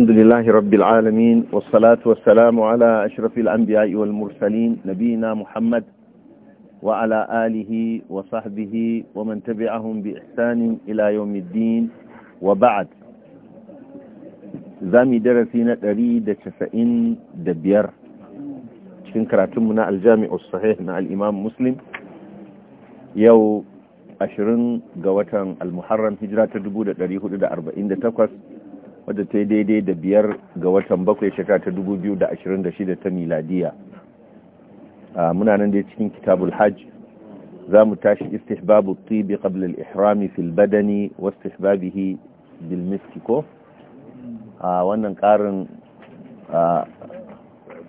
Alhamdulillahi Rabbil Alamin, wassalatu wassalamu ala ashrafil anbiya'i wal mursalin nabina Muhammad wa ala alihi wa sahbihi wa man tabi'ahum bi ihsanin ila yawmiddin wa ba'd. Zami darasi na ɗari da casa'in da biyar cikin karatunmu na aljami'u sahih na al'imam Muslim yau ashirin ga watan al hijira ta dubu da ɗari hudu da arba'in da takwas. wadda ta yi daidai da biyar ga watan bakwai shekara ta 2026 ta miladiya a muna nan dai cikin kitabul hajj za mu tashi istihbabu tibi qabla ihrami fil badani wa istihbabihi bil miski a wannan karin a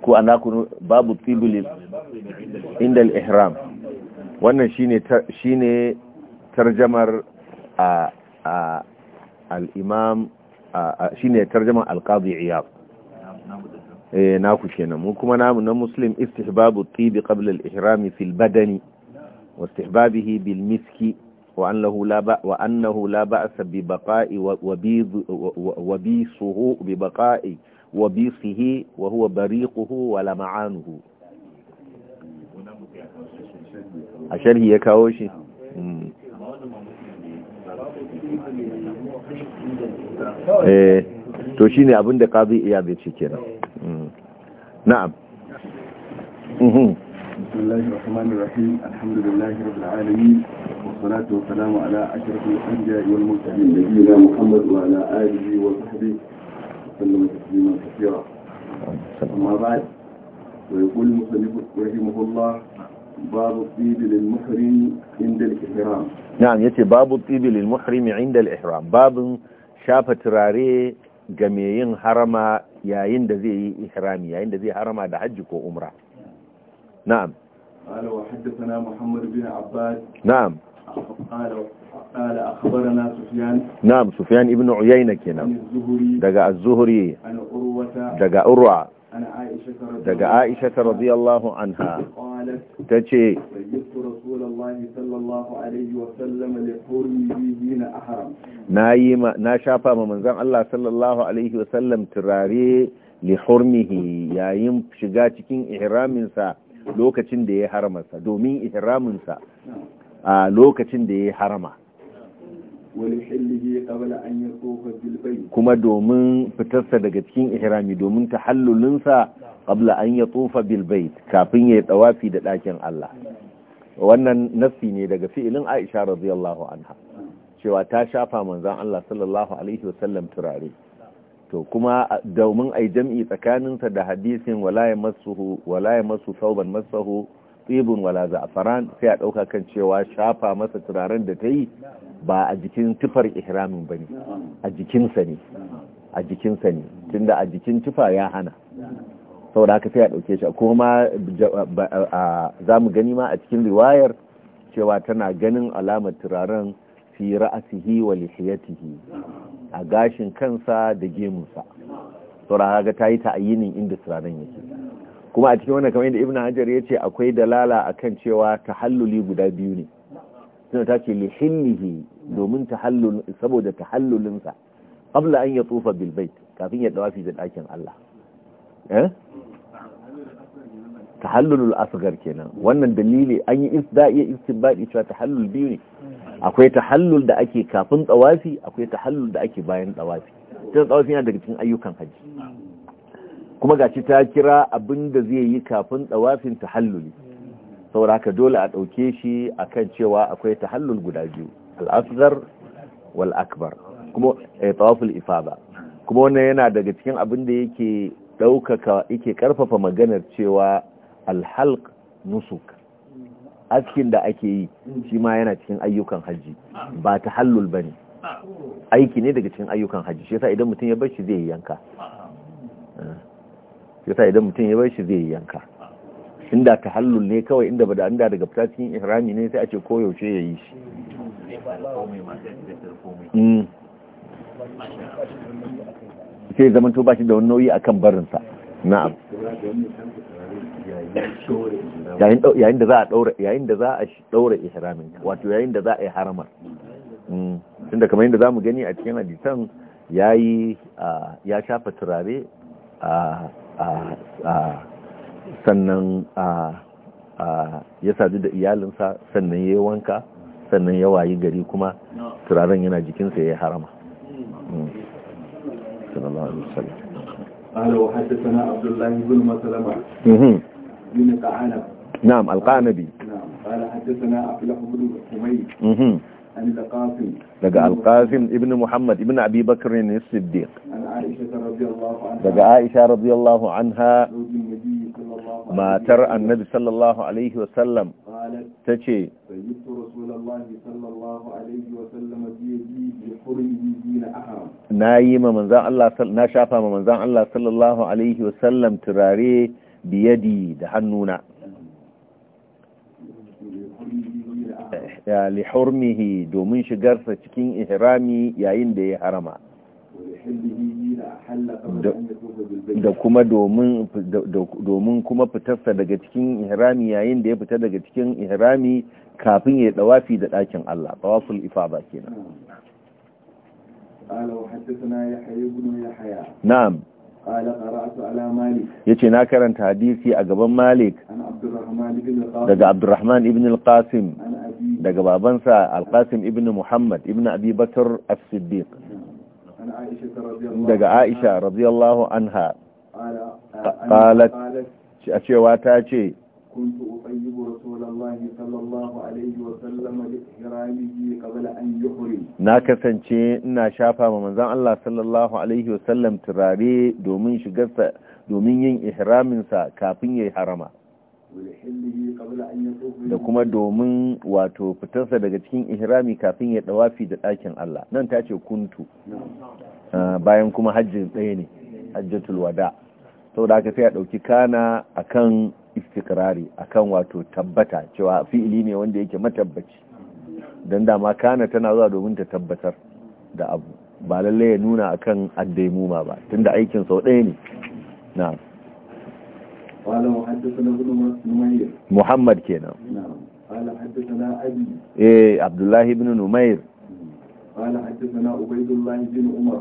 ku ana kun babu tibi inda al-ihram wannan shine shine tarjamar a al-imam shine tarjuma alqadi iyad eh naku kenan mu kuma namu na muslim istihbabu tibi qabla al-ihram fi badani wa istihbabihi bil miski wa annahu la ba wa annahu la ba'sa bi baqa'i wa bi wa bi suhu bi baqa'i wa bi sihi wa huwa bariquhu wa lama'anuhu a sharhi ya kawo shi hmm. eh to shine abin da qadi iya bai ce kenan mm. na'am بسم الله الرحمن الرحيم الحمد لله رب العالمين والصلاة والسلام على والمرسلين نبينا محمد وعلى آله وصحبه وسلم تسليما كثيرا أما بعد ويقول المصنف رحمه الله باب الطيب للمحرم عند الإحرام نعم يتي باب الطيب للمحرم عند الإحرام باب shafa turare ga mai yin harama yayin da zai yi ihrami yayin da zai harama da hajji ko umra na'am قال وحدثنا محمد بن عباد نعم قال قال اخبرنا سفيان نعم سفيان ابن كنا دغا الزهري دغا daga Aisha ta radiyallahu anha ta ce na shafa ma manzan Allah sallallahu alaihi wasallam turare li hurmihi yayin shiga cikin ihraminsa lokacin da ya haramarsa domin ihraminsa a lokacin da ya harama kuma domin fitarsa daga cikin ihrami domin tahallulinsa qabla an ya tsofa bilbait kafin ya yi tsawafi da ɗakin Allah wannan nassi ne daga fi'ilin Aisha radiyallahu anha cewa ta shafa manzan Allah sallallahu alaihi wasallam turare to kuma domin ai jam'i tsakaninsa da hadisin wala masu wala masu tsibin wala za'afaran sai a ɗauka kan cewa shafa masa turaren da ta yi ba a jikin tufar ihramin ba ne a jikinsa ne a jikinsa ne tun da a jikin tufa ya hana saboda haka sai a ɗauke shi kuma za mu gani ma a cikin riwayar cewa tana ganin alamar turaren fi ra'asihi wa lihiyatihi a gashin kansa da gemunsa saboda haka ta yi ta'ayyinin inda turaren yake kuma a cikin wannan kamar yadda ibn hajar ya ce akwai dalala akan cewa tahalluli guda biyu ne suna ta ce lihillihi domin tahallul saboda tahallulinsa qabla an ya tsufa bil bait kafin ya dawafi da dakin Allah eh tahallulul asghar kenan wannan dalili an yi isda'i istinbadi cewa tahallul biyu ne akwai tahallul da ake kafin tsawafi akwai tahallul da ake bayan tsawafi tun tsawafi yana daga cikin ayyukan haji kuma gashi ta kira abin da zai yi kafin tsawafin tahalluli saboda haka dole a ɗauke shi akan cewa akwai tahallul guda biyu al-asghar wal akbar kuma eh, tawaful ifada kuma wannan yana daga cikin abin da yake ɗaukaka yake karfafa maganar cewa alhalq nusuk askin da ake yi shi ma yana cikin ayyukan hajji ba tahallul bane aiki ne daga cikin ayyukan hajji shi yasa idan mutum ya bar shi zai yanka yasa idan mutum ya bar shi zai yanka inda ta tahallul ne kawai inda ba da inda daga fita cikin ihrami ne sai a ce koyaushe ya yi shi mm. sai zama to ba shi da wani nauyi akan barinsa na'am yayin da za a daura yayin da za a daura ihramin wato yayin da za a yi haramar mm. tunda kamar yadda zamu gani a cikin hadisan yayi ah, ya shafa turare a ah, sannan ya sadu da iyalinsa sannan ya yi wanka sannan ya wayi gari kuma turaren yana jikinsa ya yi harama mm. sallallahu alaihi wasallam قال وحدثنا عبد الله بن مسلمة بن قعنب نعم القعنبي نعم قال daga alƙasim ibn muhammad ibn abi bakr ne siddiq daga aisha radiyallahu anha matar annabi sallallahu alaihi wasallam ta ce na yi ma manzan Allah na shafa ma manzan Allah sallallahu alaihi wasallam turare biyadi da hannuna lihurmihi domin shigarsa cikin ihrami yayin da ya harama da kuma domin kuma fitarsa daga cikin ihrami yayin da ya fita daga cikin ihrami kafin ya dawafi da ɗakin Allah tawaful ifada kenan na'am yace na karanta hadisi a gaban malik daga abdurrahman ibn al-qasim daga babansa al-qasim ibn muhammad ibn abi bakar as-siddiq daga aisha radiyallahu anha qalat a cewa ta ce كنت أطيب رسول الله صلى الله عليه وسلم لإحرامه قبل أن يحرم ناكسا إنا شافا ممن ومنزان الله صلى الله عليه وسلم تراري دومين شقصة دومين إحرام سا كافين يحرما da kuma domin wato fitarsa daga cikin ihrami kafin ya dawafi da ɗakin Allah nan ta ce kuntu ah, bayan kuma hajjin ɗaya ne hajjatul wada sau da sai a ɗauki kana akan istikrari akan wato tabbata cewa fi'ili ne wanda yake matabbaci don dama kana tana zuwa domin ta tabbatar da abu ba lalle ya nuna akan ma ba tunda aikin sau ɗaya ne na muhammad kenan eh abdullahi ibn numair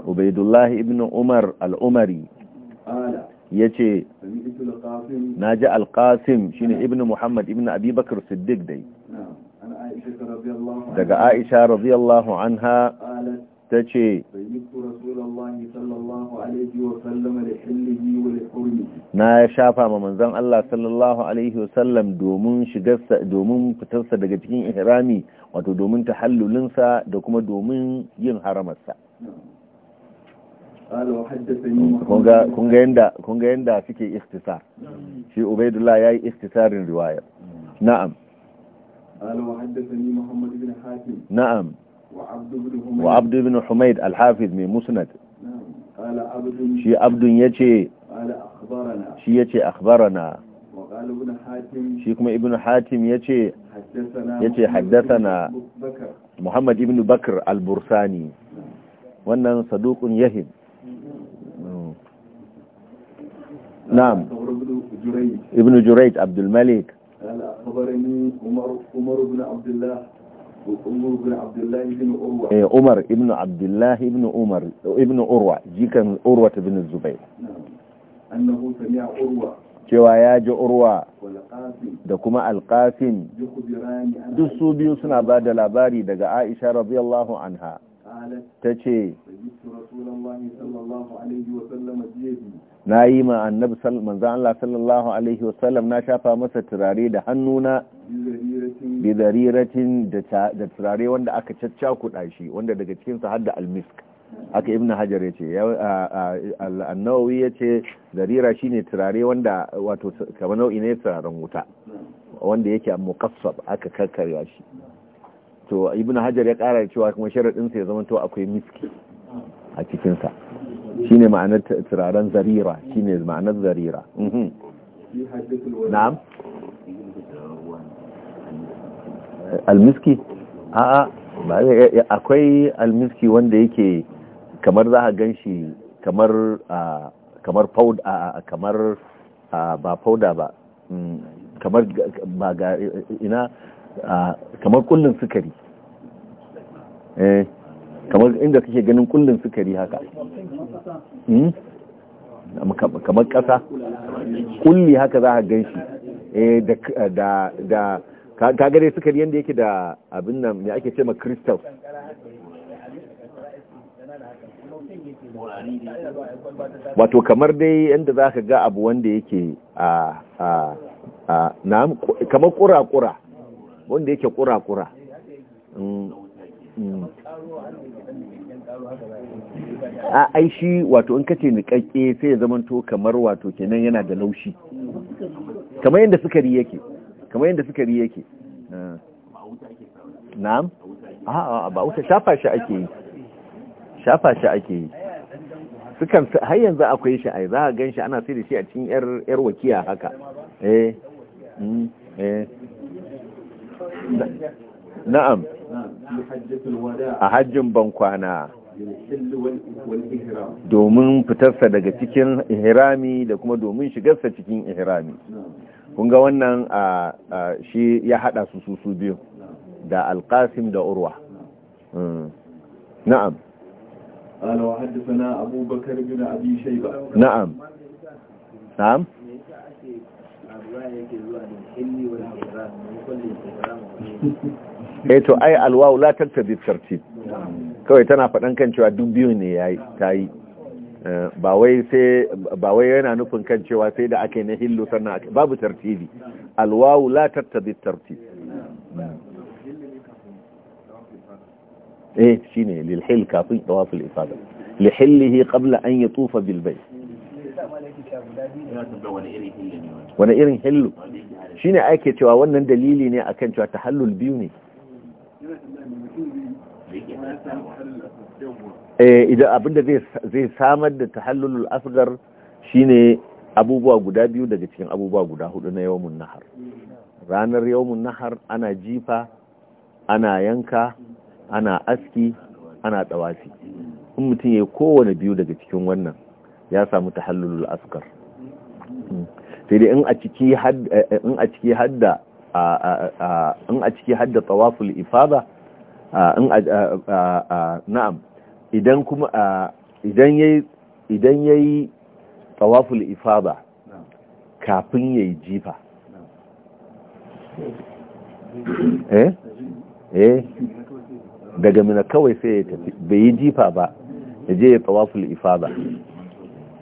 Ubaidullahi ibn Umar الله بن ya ce na ji alƙasim shi ne ibn muhammad ibn abubakar siddiq dai daga aisha radiyallahu anha ta ce na ya shafa ma manzan Allah sallallahu alaihi wasallam domin shigarsa domin fitarsa daga cikin ihrami wato domin tahallulinsa da kuma domin yin haramarsa kun ga yadda suke istisar shi ubaidullah ya yi istisarin riwaya na'am na'am wa abdu bin humaid alhafiz mai musnad shi abdun ya ce shi ya ce akhbarana shi kuma ibn hatim ya ce ya ce haddasa muhammad ibn Bakar al-bursani wannan sadukun yahim نعم ابن جريج عبد الملك قال أخبرني عمر عمر بن عبد الله عمر بن عبد الله بن أروى إيه عمر ابن عبد الله بن عمر ابن أروى جي كان أروى بن الزبير نعم أنه سمع أروى cewa ya ji urwa da kuma alƙasim duk su biyu suna ba da labari daga aisha radiyallahu anha ta ce na yi ma annabi manzan Allah sallallahu alaihi wasallam na shafa masa turare da hannuna bi dariratin da turare wanda aka caccakuɗa shi wanda daga cikinsa har da almisk aka ibn hajar ya ce annawawi ya ce darira shine turare wanda wato kama nau'i ne turaren wuta wanda yake muqassab aka karkarya shi to ibn hajar ya kara cewa kuma sharadin sa ya zama to akwai miski a cikinsa shi ne ma'anar turaren zarira shi ne ma'anar zarira mhm. na'am almiski a'a eh, eh, eh, akwai almiski wanda yake kamar za a gan shi kamar kamar fauda kamar ba powder ba mm, kamar ba ga ina kamar kullun sukari eh kamar inda kake ganin kullun sukari haka hmm? kamar ƙasa kulli haka za a gan shi eh, da kagare sukari yadda yake da abin nan ya ake ce ma kristal wato kamar dai yadda za ka ga abu wanda yake a na kamar kura-kura wanda yake kura-kura hmm, hmm. a aishi shi wato in kace niƙaƙƙe sai ya zamanto kamar wato kenan yana da laushi kamar yadda sukari yake kamar yadda sukari yake ah. na'am a ba wuta shafa shi ake yi shafa shi ake yi sukan har yanzu akwai shi ai za a gan shi ana sai da shi a cikin yar wakiya haka eh hmm, eh na'am a hajjin bankwana domin fitarsa daga cikin ihrami da kuma domin shigarsa cikin ihrami kun ga wannan shi ya hada su su su biyu da alkasim da urwa na'am قال وحدثنا أبو بكر بن أبي شيبة نعم kawai tana faɗan kan cewa duk biyu ne ya ta yi eh, ba wai yana nufin kan cewa sai da ake na hillu sannan babu tartibi alwawu la tattabi tartibi eh shine lilhil kafin tawaful ifada lihillihi qabla an yi tufa bilbai wani irin hillu ne ake cewa wannan dalili ne akan cewa hallul biyu ne Eh, idan abin da zai samar da tahallulul asgar shine abubuwa guda biyu daga cikin abubuwa guda hudu na yawon nahar ranar yawon nahar ana jifa ana yanka ana aski ana tsawafi. in mutum ya yi kowane biyu daga cikin wannan ya samu tahallulul asgar hmm. sai dai in a ciki hadda eh, in a ciki hadda tawaful ifada na'am idan kuma a idan yayi idan yayi tawaful ifada kafin yayi jifa eh eh daga mina kawai sai ya tafi bai yi jifa ba ya je ya tawaful ifada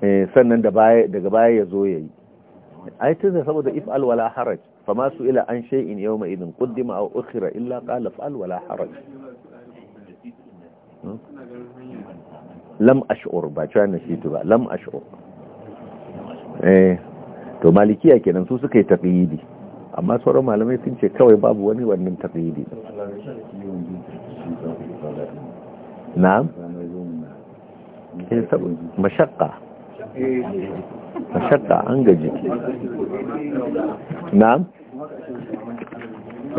eh sannan da baya daga baya ya zo yayi ai tunda saboda if al wala haraj ma su ila an shay'in yawma idin quddima aw ukhira illa qala al wala haraj lam ash'ur ba cewa nashitu ba lam ash'ur eh to malikiya kenan su suka yi taqyidi amma sauran malamai sun ce kawai babu wani wannan taqyidi na'am eh sabu mashaqqa mashaqqa an gaji na'am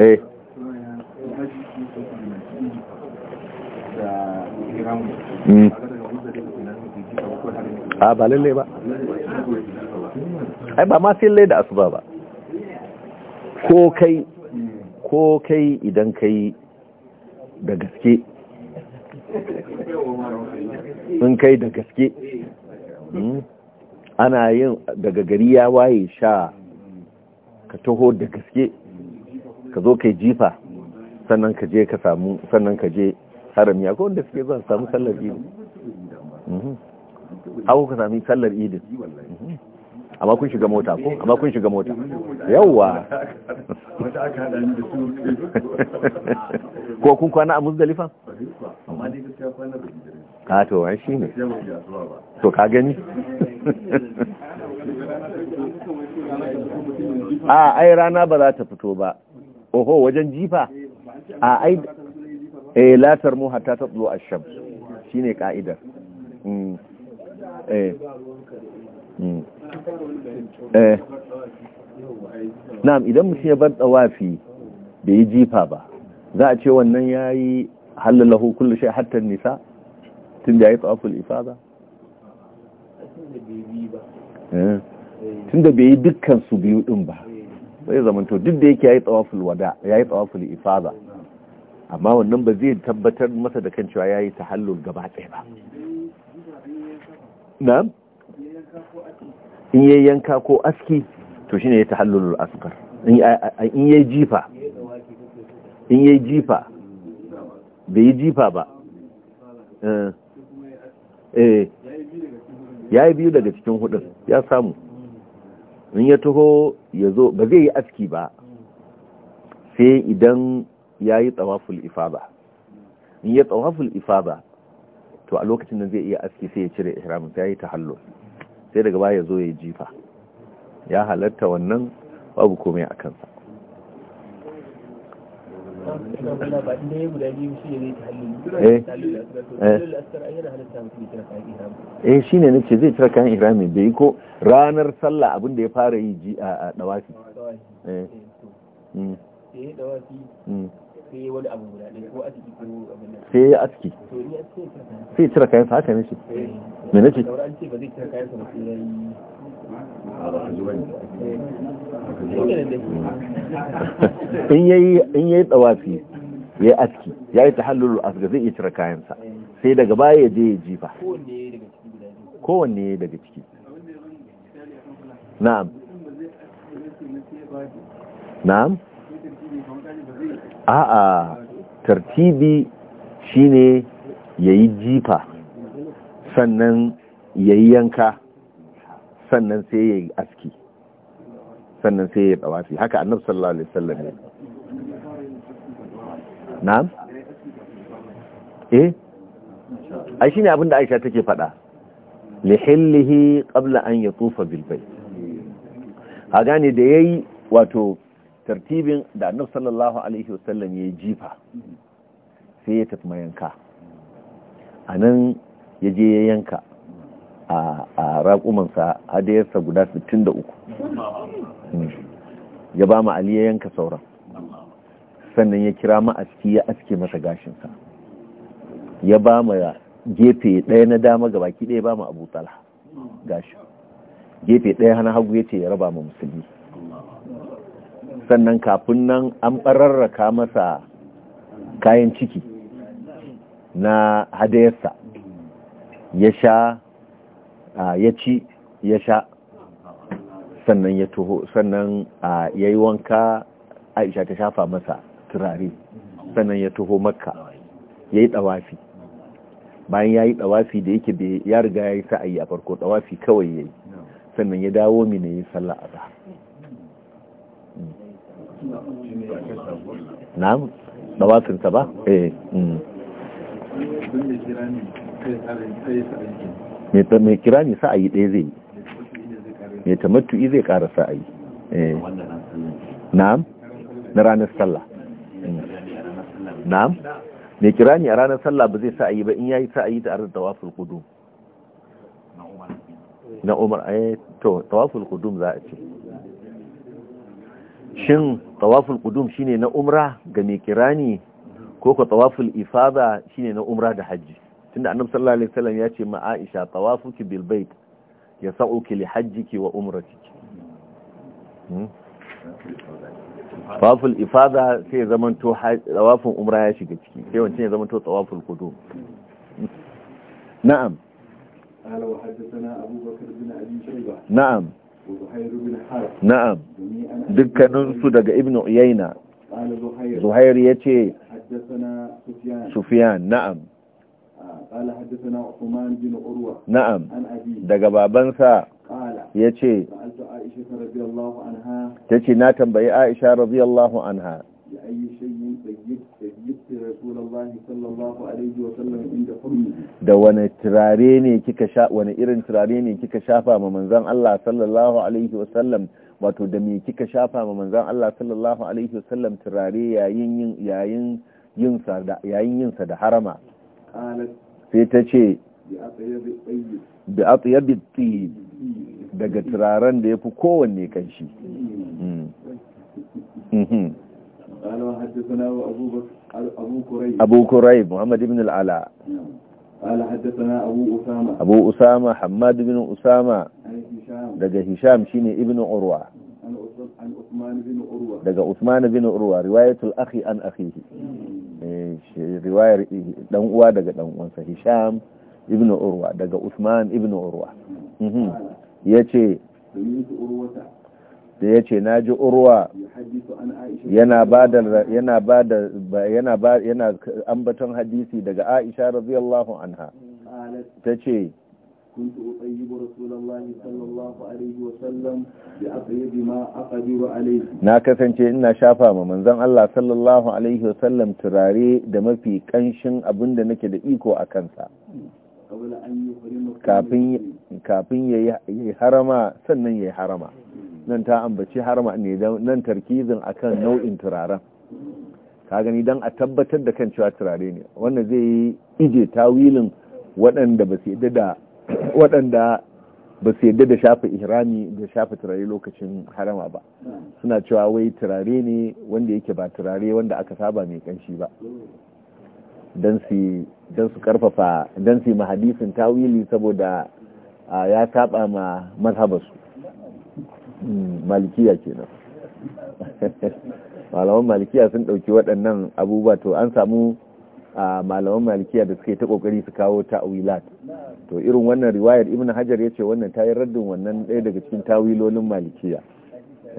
eh Mm. a ba lalle ba ai ba ma sai lalle da asuba ba ko kai ko kai idan kai da gaske in kai da gaske hmm? ana yin daga gari ya waye sha ka taho da gaske ka zo kai jifa sannan ka je ka samu sannan ka je haramiya ko wanda suke zan samu sallar biyu haku ka sami sallar idin amma kun shiga mota ko amma kun shiga mota yawwa ko kun kwana a muzdalifa amma dai gaskiya kwana a to shi shine to ka gani a ai rana ba za ta fito ba oho wajen jifa a ai eh latar mu hatta ta a ash shi shine ka'idar mm. Eh. Eh. na'am idan mutum ya bar tsawafi da yi jifa ba za a ce wannan ya yi halalahu kullu shi hatta nisa tun da ya yi tsawaful ba eh. tun da bai yi dukkan su biyu din ba bai zamanto duk da yake ya yi tsawaful wada ya yi tsawaful ba amma wannan ba zai tabbatar masa da kan cewa ya yi ta gaba ɗaya ba na in yayi yanka ko aski to shine ya tahallulul askar in yayi jifa in yayi jifa bai yi jifa ba eh. eh. ya yi biyu daga cikin hudun ya samu in ya taho ya zo ba zai yi aski ba sai idan ya yi tsawaful ba. in ya tsawaful ba. to a lokacin da zai iya aski sai ya cire ihramin sai ya yi hallo sai daga baya zo ya jifa ya halatta wannan babu komai a kansa eh, eh. eh shi ne na ce zai cire kayan ihrami bai yi ko ranar sallah abinda ya fara yi a dawafi eh, eh sai aski sai ya aski sai ya cire sa haka ne shi eh. me nace ce sai eh. in yayi tsawafi ya aski ya yi ta hallulu asga zai iya cire sa sai daga baya ya je ya jifa kowanne daga ciki na'am na'am a'a tartibi shine yayi jifa sannan yayi yanka sannan sai yayi aski sannan sai ya tsawafi haka annabi sallallahu alaihi wasallam ne na'am eh ai shine abinda Aisha take faɗa lihillihi qabla an yatufa bil bayt a gane da yayi wato tartibin da annabi sallallahu alaihi wasallam ya jifa sai ya tafi mayanka a nan ya je ya yanka a raƙumansa hadayarsa guda 63 ya ba ali ya yanka sauran sannan ya kira ma ma'aski ya aske masa gashinsa ya ba ma gefe ɗaya na dama ga baki ɗaya ba ma abu talha gashi gefe ɗaya hana hagu ya ce ya raba ma musulmi sannan kafin nan an ɓararraka masa kayan ciki na hadayarsa ya sha ya ci ya sha sannan ya toho sannan ya yi wanka aisha ta shafa masa turare sannan ya toho makka ya yi ɗawafi bayan ya yi ɗawafi da yake ya riga ya yi sa'ayi a farko ɗawafi kawai ya yi sannan ya dawo mine ya yi sallah a na'am dawafinsa ba eh mai mm. kira ne sa'ayi ɗaya zai yi mai tamattu'i zai ƙara sa'ayi eh. na'am na ranar sallah mm. na'am mai kira ne a ranar sallah ba zai sa'ayi ba in yayi sa'ayi da arzikin tawaful kudum na umar eh to tawaful kudum za a ce shin tawaful kudum shine na umra ga mai kirani ko ko tawaful ifada shine na umra da haji tunda annabi sallallahu alaihi wasallam ya ce ma Aisha tawafuki bil bait sa'uki li hajjiki wa umratiki hmm? tawaful ifada sai zaman to tawafin umra ya shiga ciki sai wancan ya zaman to tawaful qudum na'am قال وحدثنا أبو بكر بن أبي شيبة نعم na'am dukkaninsu daga ibn uyayna zuhair ya ce sufiyan na'am ah, na'am daga babansa ya ce ta ce na tambayi aisha radiyallahu anha ya ayi shayin da wani turare ne kika sha wani irin turare ne kika shafa ma manzon Allah sallallahu alaihi wasallam wato da me kika shafa ma manzon Allah sallallahu alaihi wasallam turare yayin yin yayin yin sada da yayin yin sada harama sai ta ce bi atyabi tayyib daga turaren da yafi kowanne kanshi قال وحدثنا أبو بكر أبو كريب أبو كريب محمد بن العلاء قال حدثنا أبو أسامة أبو أسامة حماد بن أسامة عن هشام دقى هشام شيني ابن عروة عن عثمان بن عروة دقى عثمان بن عروة رواية الأخي عن أخيه رواية dan دقى daga هشام ابن Hisham دقى Urwa ابن Usman يتي Urwa yace da ya ce na ji urwa yana ba da ambaton hadisi daga aisha radiyallahu anha ta ce كنت أطيب رسول الله صلى الله عليه وسلم بأطيب ما أقدر عليه ناكسن إن شافا من nake الله صلى الله عليه وسلم تراري دم في كنشن أبن nan ta ambaci harma ne nan tarkizin akan nau'in turaren ka gani don a tabbatar da kan cewa turare ne wannan zai yi ije tawilin waɗanda ba su yadda da shafa ihrami da shafa turare lokacin harama ba suna cewa wai turare ne wanda yake ba turare wanda aka saba mai kanshi ba don su karfafa don su yi mahadisin tawili saboda ah, ya saba ma mazhabarsu malikiya kenan malaman malikiya sun ɗauki waɗannan abubuwa to an samu a malaman malikiya da suka yi ta kokari su kawo ta'wilat to irin wannan riwayar Ibn hajar ya ce wannan ta yi raddin wannan ɗaya daga cikin tawilolin malikiya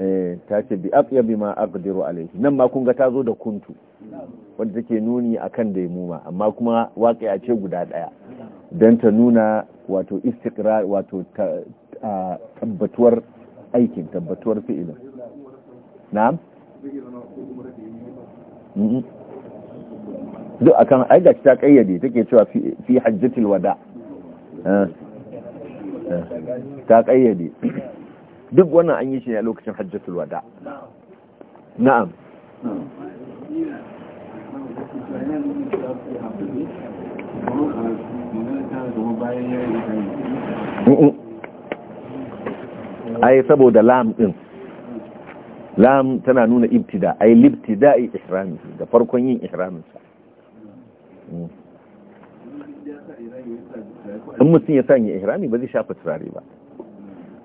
eh, ta ce bi aqya bima aqdiru alayhi nan ma kunga ta zo da kuntu wanda take nuni akan da muma amma kuma waqi'a ce guda ɗaya dan ta nuna wato istiqrar wato tabbatuwar aikin tabbatuwar fi'ilin na'am mm-hmm. duk a kan aiga ta kayyade take cewa fi hajjatul wada eh. Eh. ta kayyade duk wannan an yi shi ne a lokacin hajjatul wada na'am Mm-mm. ai saboda lam din lam tana nuna ibtida ai libtida'i ihrami da farkon yin ihramin sa mm. in mutum ya sanya ihrami ba zai shafa turare ba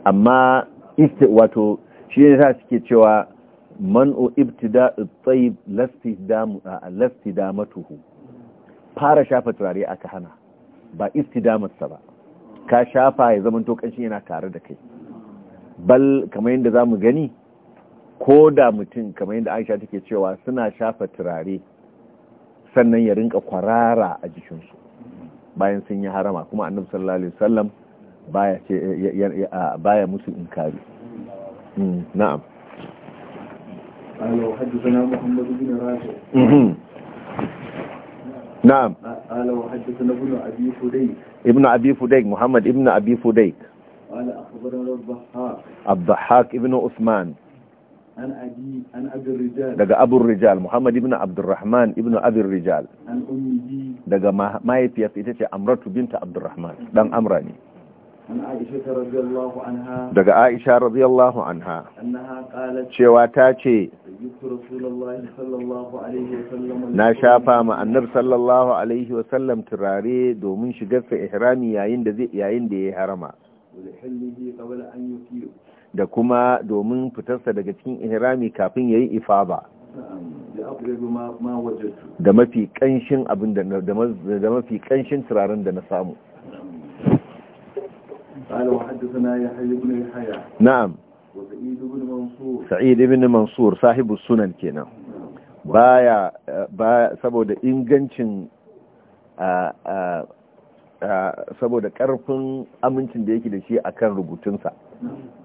amma wato shi ne ta suke cewa man'u ibtida'u tsayib damatuhu fara shafa turare aka hana ba damarsa ba ka shafa ya zama to yana tare da kai bal kamar yadda za mu gani ko da mutum kamar yadda aisha take cewa suna shafa turare sannan ya rinka kwarara a jikinsu bayan sun yi harama kuma annabi sallallahu alaihi wasallam baya musu in kari hmm, na'am قال وحدثنا محمد بن راشد نعم قال وحدثنا ابن ابي فديك ابن ابي فديك محمد ابن ابي فديك قال أخبرنا الضحاك الضحاك ابن عثمان عن أبي عن أبي الرجال دقى أبو الرجال محمد ابن عبد الرحمن ابن أبي الرجال عن أمه دقى ما ما يبيت بنت عبد الرحمن دم na shafa ma annabi sallallahu alaihi wasallam turare domin shigar sa ihrami yayin da zai yayin da yayi harama da kuma domin fitarsa daga cikin ihrami kafin yayi ifaba da mafi kanshin abin da da mafi kanshin turaren da na samu na'am sa'id ibn mansur sahibu sunan kenan baya eh, saboda ingancin eh, eh, saboda karfin amincin da yake da shi akan rubutunsa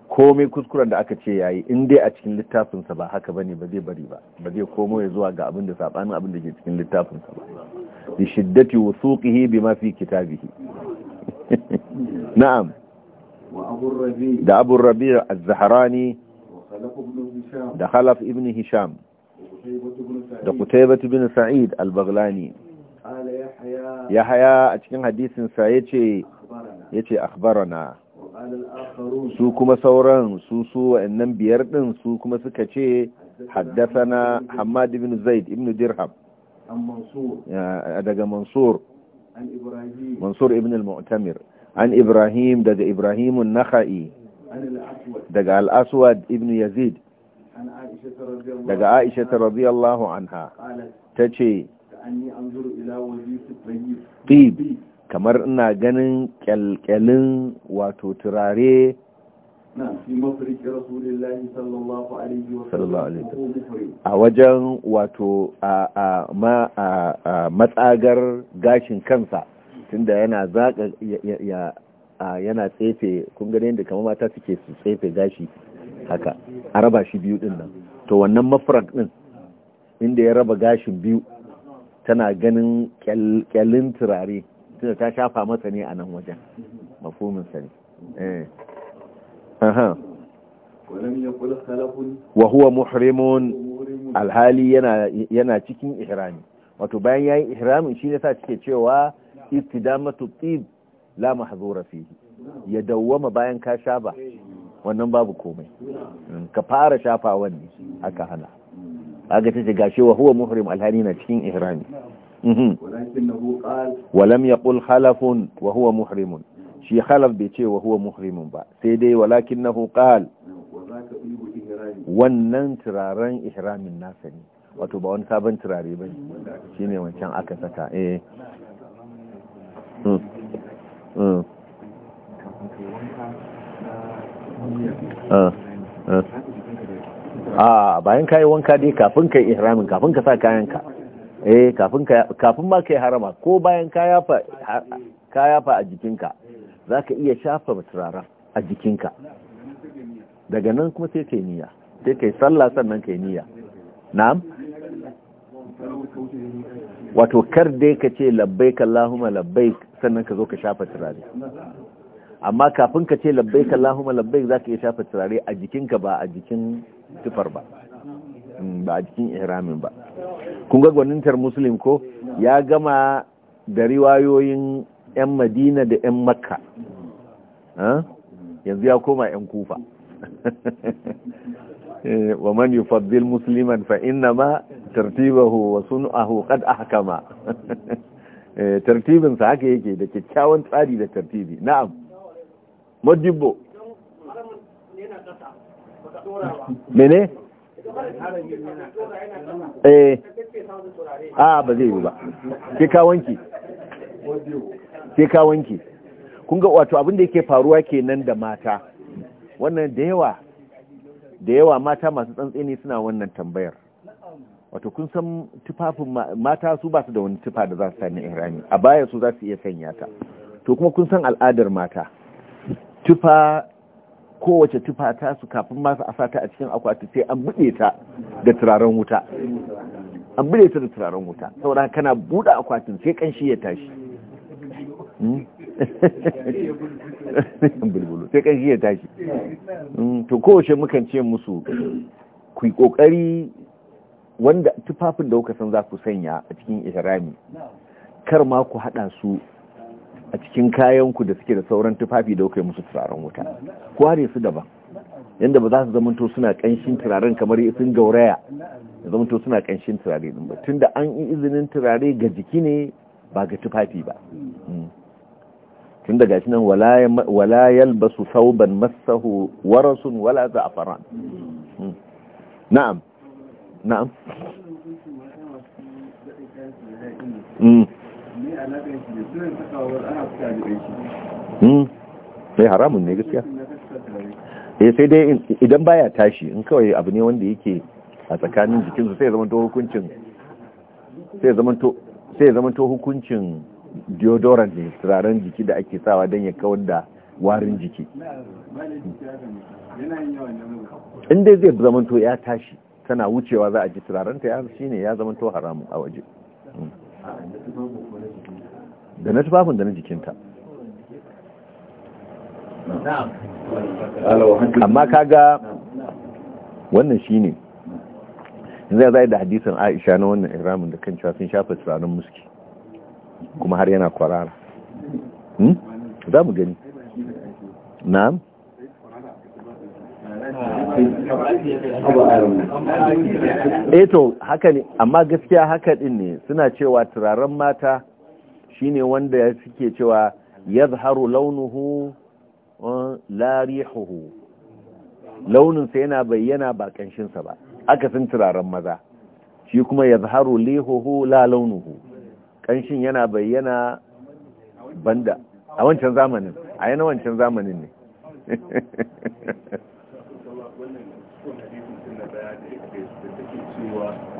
komai kuskuren da aka ce yayi in dai a cikin littafinsa ba haka bane ba zai bari ba ba zai komo ya zuwa ga abin da sabanin abin da ke cikin littafinsa ba bi shiddati wusuqihi bima fi kitabihi na'am da abu rabi' az-zahrani da khalaf ibn hisham da qutaybah ibn sa'id al-baghlani ya haya a cikin hadisinsa ya ce ya akhbarana su kuma sauran su su wa'annan biyar din su kuma suka ce haddasana hamad ibn zaid ibn dirham daga mansur mansur ibn al-mu'tamir an ibrahim daga ibrahim an daga al-aswad ibn yazid daga aisha radiyallahu anha tace طيب kamar ina ganin kyalkyalin wato turare a wajen wato a matsagar gashin kansa tunda yana zaƙa yana tsefe kun gani yadda kamar mata suke su tsefe gashi haka a raba shi biyu din nan to wannan mafarak din inda ya raba gashin biyu tana ganin kyallin turare tunda ta shafa masa ne a nan wajen mafumin sa ne eh. wa huwa muhrimun alhali yana cikin ihrami wato bayan yayin ihramin shi ne sa cike cewa istidamatu tib la mahzura fihi ya dawwama bayan ka shafa wannan babu komai ka fara shafa wanne aka hana aga tace gashi wa huwa muhrim alhani na cikin ihrami mhm. walam yaqul khalafun wa huwa muhrim shi khalaf bai ce wa huwa muhrim ba sai dai walakinahu qal wannan turaren ihramin nasa ne wato ba wani sabon turare ba shine wancan aka saka eh Uh, a bayan kayi wanka dai kafin kai ihramin kafin ka sa kayanka eh kafin kafin ma kai harama ko bayan ka yafa ka yafa a jikinka zaka iya shafa turaren a jikinka daga nan kuma sai kai niyya sai kai sallah sannan kai niyya na'am wato kar dai ka ce labbaik Allahumma labbaik sannan ka zo ka shafa turare amma kafin ka ce labbaik Allahumma labbaik zaka iya shafa turare a jikinka ba a jikin tufar ba mm, ba a cikin ihramin ba kun ga gwanintar muslim ko ya gama da riwayoyin 'yan madina da 'yan makka yanzu ya koma 'yan kufa eh, wa man yufaddil musliman fa innama tartibahu wa sun'ahu qad ahkama eh, tartibinsa haka yake da kyakkyawan tsari da tartibi na'am mujibbo mene eh a ba zai yi ba ke kawanki ke kawanki kun ga wato abin da yake faruwa kenan da mata wannan da yawa da yawa mata masu tsantseni suna wannan tambayar wato kun san tufafin mata su ba su da wani tufa da za su sani irani a baya su za su iya sanya ta to kuma kun san al'adar mata tufa kowace tufa ta su kafin masu a sata a cikin akwati sai an buɗe ta da turaren wuta an buɗe ta da turaren wuta saboda kana buɗe akwatin sai kanshi ya tashi hmm? bulbulu sai kanshi ya tashi hmm, to kowace mukan ce musu ku yi ƙoƙari wanda tufafin da kuka san za ku sanya a cikin ihrami kar ma ku haɗa su a cikin kayanku da suke da sauran tufafi da kai musu turaren wuta kware su daban yadda ba za su zamanto suna kanshin turaren kamar sun gauraya ya zamanto suna kanshin turare din ba tunda an yi izinin turare ga jiki ne ba ga tufafi ba hmm. tunda gashi nan wala yalbasu sauban masahu warasun wala fara hmm. na'am na'am hmm. sai hmm. eh, haramun ne gaskiya eh sai dai idan baya tashi in kawai abu ne wanda yake a tsakanin jikinsu sai zama to hukuncin sai zama to sai zama to hukuncin deodorant ne turaren jiki da ake sawa don ya kawar da warin jiki in dai zai zama to ya tashi tana wucewa za a ji turaren ta ya shine ya zama to haramun a waje hmm. da na tufafin da na jikinta amma kaga wannan shi ne zai zai da hadisan aisha na wannan iramin da kan cewa sun shafa tsiranin muski kuma har yana kwarara hmm? za mu gani na'am eto eh haka ne amma gaskiya haka din ne suna cewa turaren mata shi ne wanda suke cewa zaharu launuhu uh, la rihuhu launinsa yana bayyana ba kanshinsa ba akasin turaren maza shi kuma zaharu lihuhu la launuhu kanshin yana bayyana banda a wancan zamanin a yana wancan zamanin ne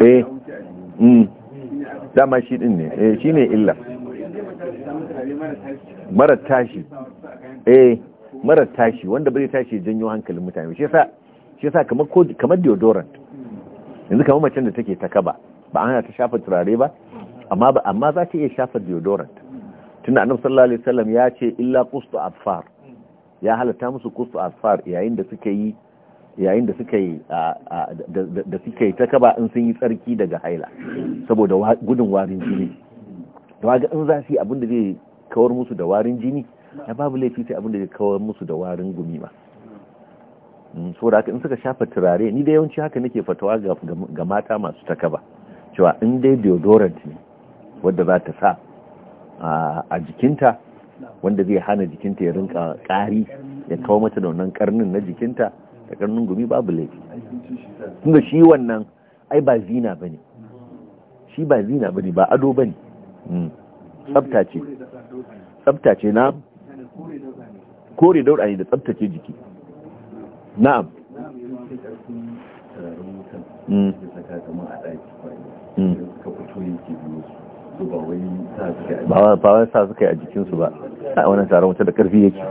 eh mm. dama shi din ne eh shine illa mara tashi eh mara tashi wanda bai tashi janyo hankalin mutane shi yasa shi yasa kamar kamar deodorant yanzu kamar macen da take taka ba ba an ta shafa turare ba amma ba amma za ta iya shafa deodorant tunda annabi sallallahu alaihi wasallam ya ce illa qustu afar ya halatta musu qustu afar yayin da suke yi yayin da suka yi da suka ta kaba in sun yi tsarki daga haila saboda gudun warin jini da ga in za su yi abinda da zai kawar musu da warin jini na babu laifi sai abinda da zai kawar musu da warin gumi ma mm, saboda haka in suka shafa turare ni da yawanci haka nake fatawa ga mata masu ta kaba cewa in dai deodorant ne wadda za ta sa a jikinta wanda zai hana jikinta ya rinka ƙari ya kawo mata da wannan karnin na jikinta da karnin gumi babu laifi da shi wannan ai ba zina ba ne. shi ba zina ba ne, ba ado ne hmm. tsabta ce tsabta ce na kore daura ne da tsaftace jiki na'am hmm. Hmm. ba wani sa suka yi a jikinsu ba a wani tsara wuta da ƙarfi yake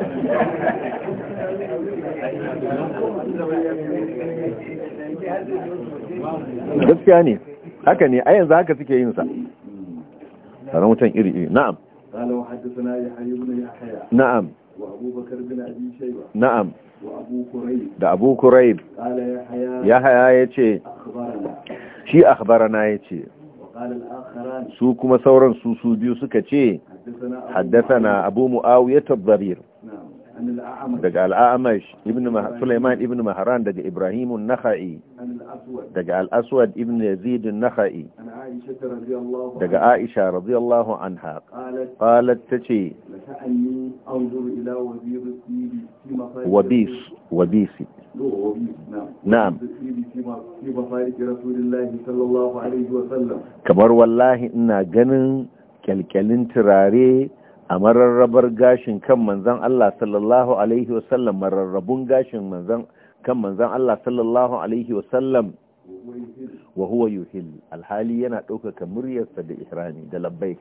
gaskiya ne haka ne a yanzu haka suke yin sa sanan wutan iri iri na'am na'am na'am da abu kurai ya haya ya ce shi akhbarana ya ce su kuma sauran su su biyu suka ce haddasa na abu mu'awiyar tabbarir daga al'amash suleiman ibn maharan daga Ibrahim naha'i daga al'aswad ibn yazid naha'i daga aisha radiyallahu anha qalat ta ce wabis wabisi na'am kamar wallahi ina ganin kyalkyalin turare a mararrabar gashin kan manzan Allah sallallahu alaihi wasallam mararrabun gashin manzan kan manzan Allah sallallahu alaihi wasallam wa huwa yuhil alhali yana ɗaukaka muryarsa da ihrami da labbaik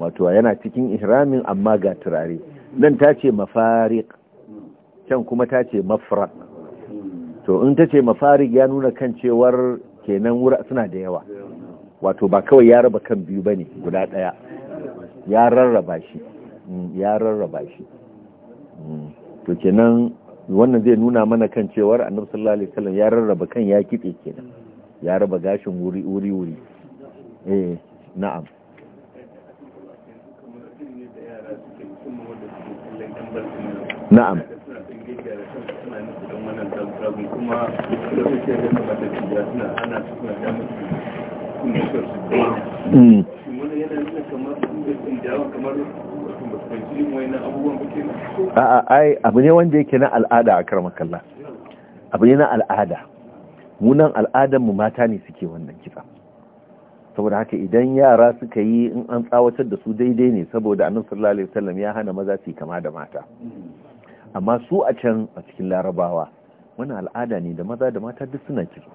wato yana cikin ihramin amma ga turare nan ta ce mafariq can kuma ta ce mafraq to in ta ce mafariq ya nuna kan cewar kenan wura suna da yawa wato ba kawai ya raba kan biyu bane guda ɗaya ya rarraba shi mm, ya rarraba shi mm, to kenan wannan zai nuna mana kan cewar annabi sallallahu alaihi wasallam ya rarraba kan ya kitse kenan ya raba gashin wuri wuri wuri eh na'am na'am Mm. a'a ai abu ne wanda yake na al'ada a karmar abu ne na al'ada munan al'adan mu mata ne suke wannan kisa saboda haka idan yara suka yi in an tsawatar da su daidai ne saboda annabi sallallahu alaihi wasallam ya hana maza su kama da mata amma su a can a cikin larabawa wani al'ada ne da maza da mata duk suna kisa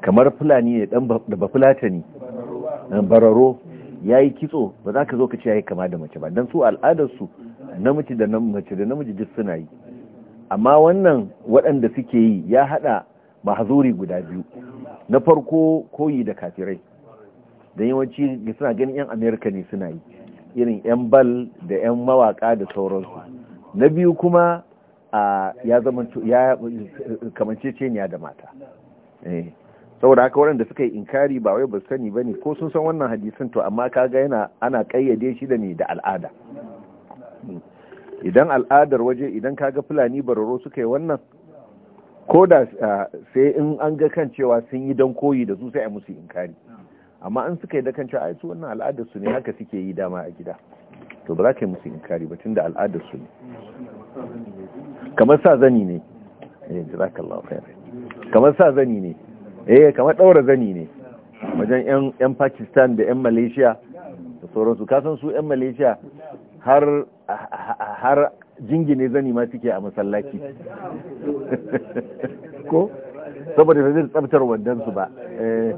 kamar fulani ne dan da ba ne bararo ya yi kitso ba za ka zo ka ce ya yi kama da mace ba don su al'adarsu namiji da mace da namiji duk suna yi amma wannan waɗanda suke yi ya haɗa mahazuri guda biyu na farko koyi da kafirai da yawanci suna ganin 'yan amerika ne suna yi irin 'yan bal da 'yan mawaka da sauransu na biyu kuma ya zama ya kamanceceniya da mata eh, saboda haka waɗanda suka yi inkari ba wai ba sani ba ne ko sun san wannan hadisin to amma kaga yana ana ƙayyade shi da ne da al'ada idan al'adar waje idan kaga fulani bararo suka yi wannan ko da sai in an ga kan cewa sun yi don koyi da su sai a musu inkari amma an suka yi da kan cewa ai su wannan al'adar su ne haka suke yi dama a gida to ba za ka yi musu inkari ba tunda al'adar su ne kamar sa zani ne eh, kamar sa zani ne eh kamar daura zani ne wajen 'yan pakistan da 'yan malaysia da sauransu kasan su 'yan malaysia har jingine zani ma suke a masallaki ko saboda sai su tsabtar wandon su ba eh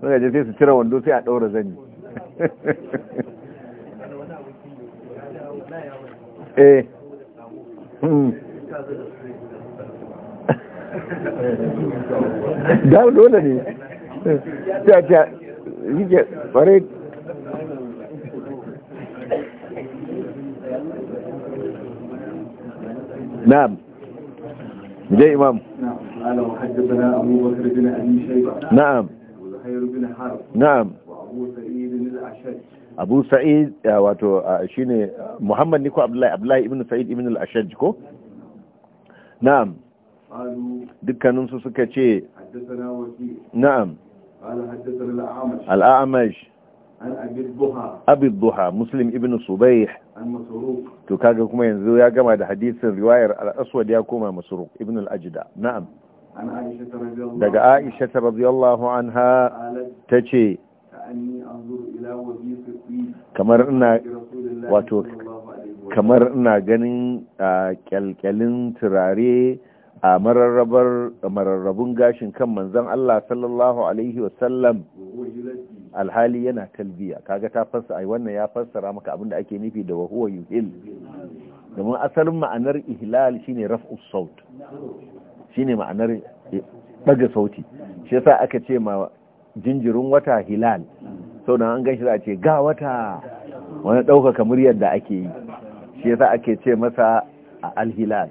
sai su cire wando sai a daura zani eh hmm. da dole ne ta ta yake na'am je imam na'am na'am abu sa'id wato shine muhammad niko abdullahi abdullahi ibn sa'id ibn al-ashaj ko na'am dukkaninsu suka ce na'am al'amash abid duha muslim ibn subai to kaga kuma yanzu ya gama da hadisin riwayar al'aswad ya koma masruq ibn al'ajida na'am daga aisha radiyallahu anha ce kamar ina wato kamar ina ganin kyalkyalin turare a mararrabar mararrabun gashin kan manzon Allah sallallahu alaihi wasallam alhali yana talbiya kaga ta fassara ai wannan ya fassara maka abinda ake nufi da wahuwa yuhil domin asalin ma'anar ihlal shine raf'us saut shine ma'anar daga sauti shi yasa aka ce ma jinjirin wata hilal sau dan an gashi za a ce ga wata wani ɗaukaka muryar da ake yi shi yasa ake ce masa alhilal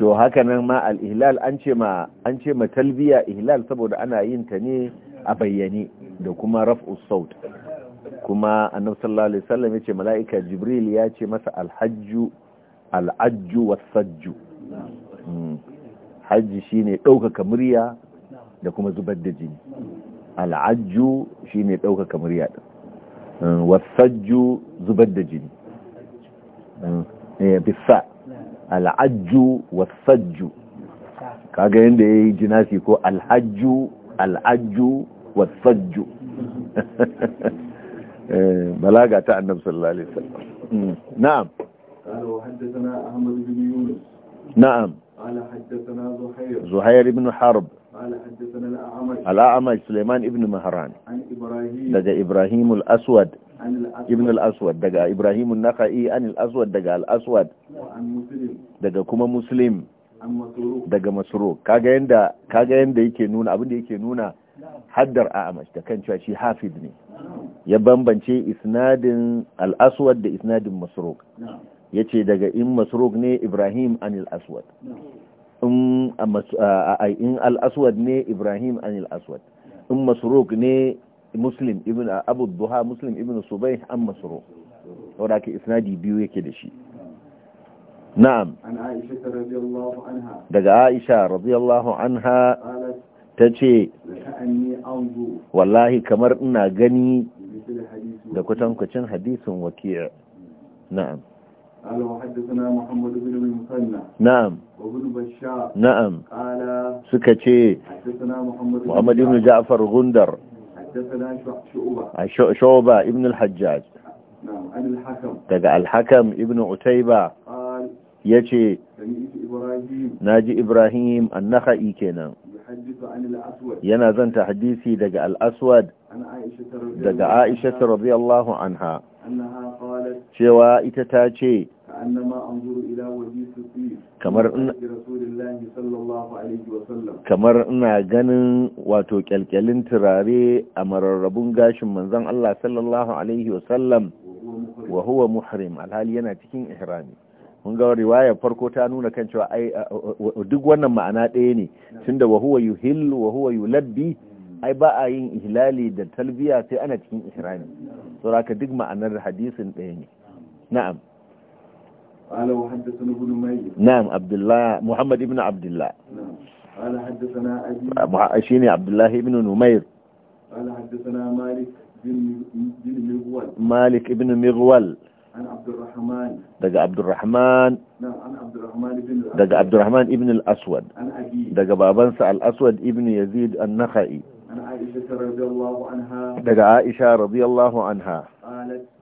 to haka nan ma al-ihlal an ce ma an ce ma talbiya ihlal saboda ana yin ta ne a bayyane da kuma raf'u saut kuma annabi sallallahu alaihi wasallam ce mala'ika jibril ya ce masa al-hajju al-ajju was ne hmm. shine ɗaukaka murya da kuma zubar da jini al'ajju shine ɗaukaka murya din hmm. was zubar da jini hmm. eh, bisa al'ajju wasajju kaga yadda ya yi jinasi ko al’ajju al'ajju wasajju eh, balaga ta annab sallallahu alaihi wasallam hmm. na'am na'am زهير بن حرب الأعمش سليمان ibn maharan daga إبراهيم aswad. ibn al-aswad daga ibrahim an-naqai an al-aswad daga al-aswad daga kuma muslim daga masruq kaga yanda kaga yake nuna abinda yake nuna haddar a'amash da kan cewa shi hafiz ne ya bambance isnadin al-aswad da isnadin Ya ce daga in masruq ne ibrahim an al-aswad in al-aswad ne ibrahim an al-aswad in masruq ne muslim ibn abu duha muslim ibn subai an masro wadda ka isnadi biyu yake da shi na'am daga aisha radiyallahu anha ta ce wallahi kamar ina gani da kwatankwacin hadisun waki'a na'am قال وحدثنا محمد بن المثنى نعم وابن بشار نعم قال سكتي حدثنا محمد محمد بن جعفر غندر حدثنا شعبة شعبة ابن الحجاج نعم عن الحكم تقع الحكم ابن عتيبة قال يتي ناجي إبراهيم النخعي كنا yana zanta hadisi daga al'aswad daga aisha radiyallahu anha cewa ita ta ce kamar ina ganin wato kyalkyalin turare a mararrabun gashin manzon Allah sallallahu alaihi wasallam wa huwa muhrim alhali yana cikin ihrami mun ga riwayar farko ta nuna kan cewa duk wannan ma'ana ɗaya ne tunda wa huwa yuhillu wa huwa yulabbi ai ba a yin ihlali da talbiya sai ana cikin ihrami sauraka duk ma'anar hadisin ɗaya ne na'am قال وحدثنا ابن ماجه نعم عبد الله محمد بن عبد الله نعم قال حدثنا ابي شيني عبد الله بن نمير قال حدثنا مالك بن مغول مالك بن مغول عن عبد الرحمن دقى عبد الرحمن نعم عن عبد الرحمن بن دقى عبد الرحمن ابن الاسود عن ابي دقى بابنس الاسود ابن يزيد النخعي daga aisha radiyallahu anha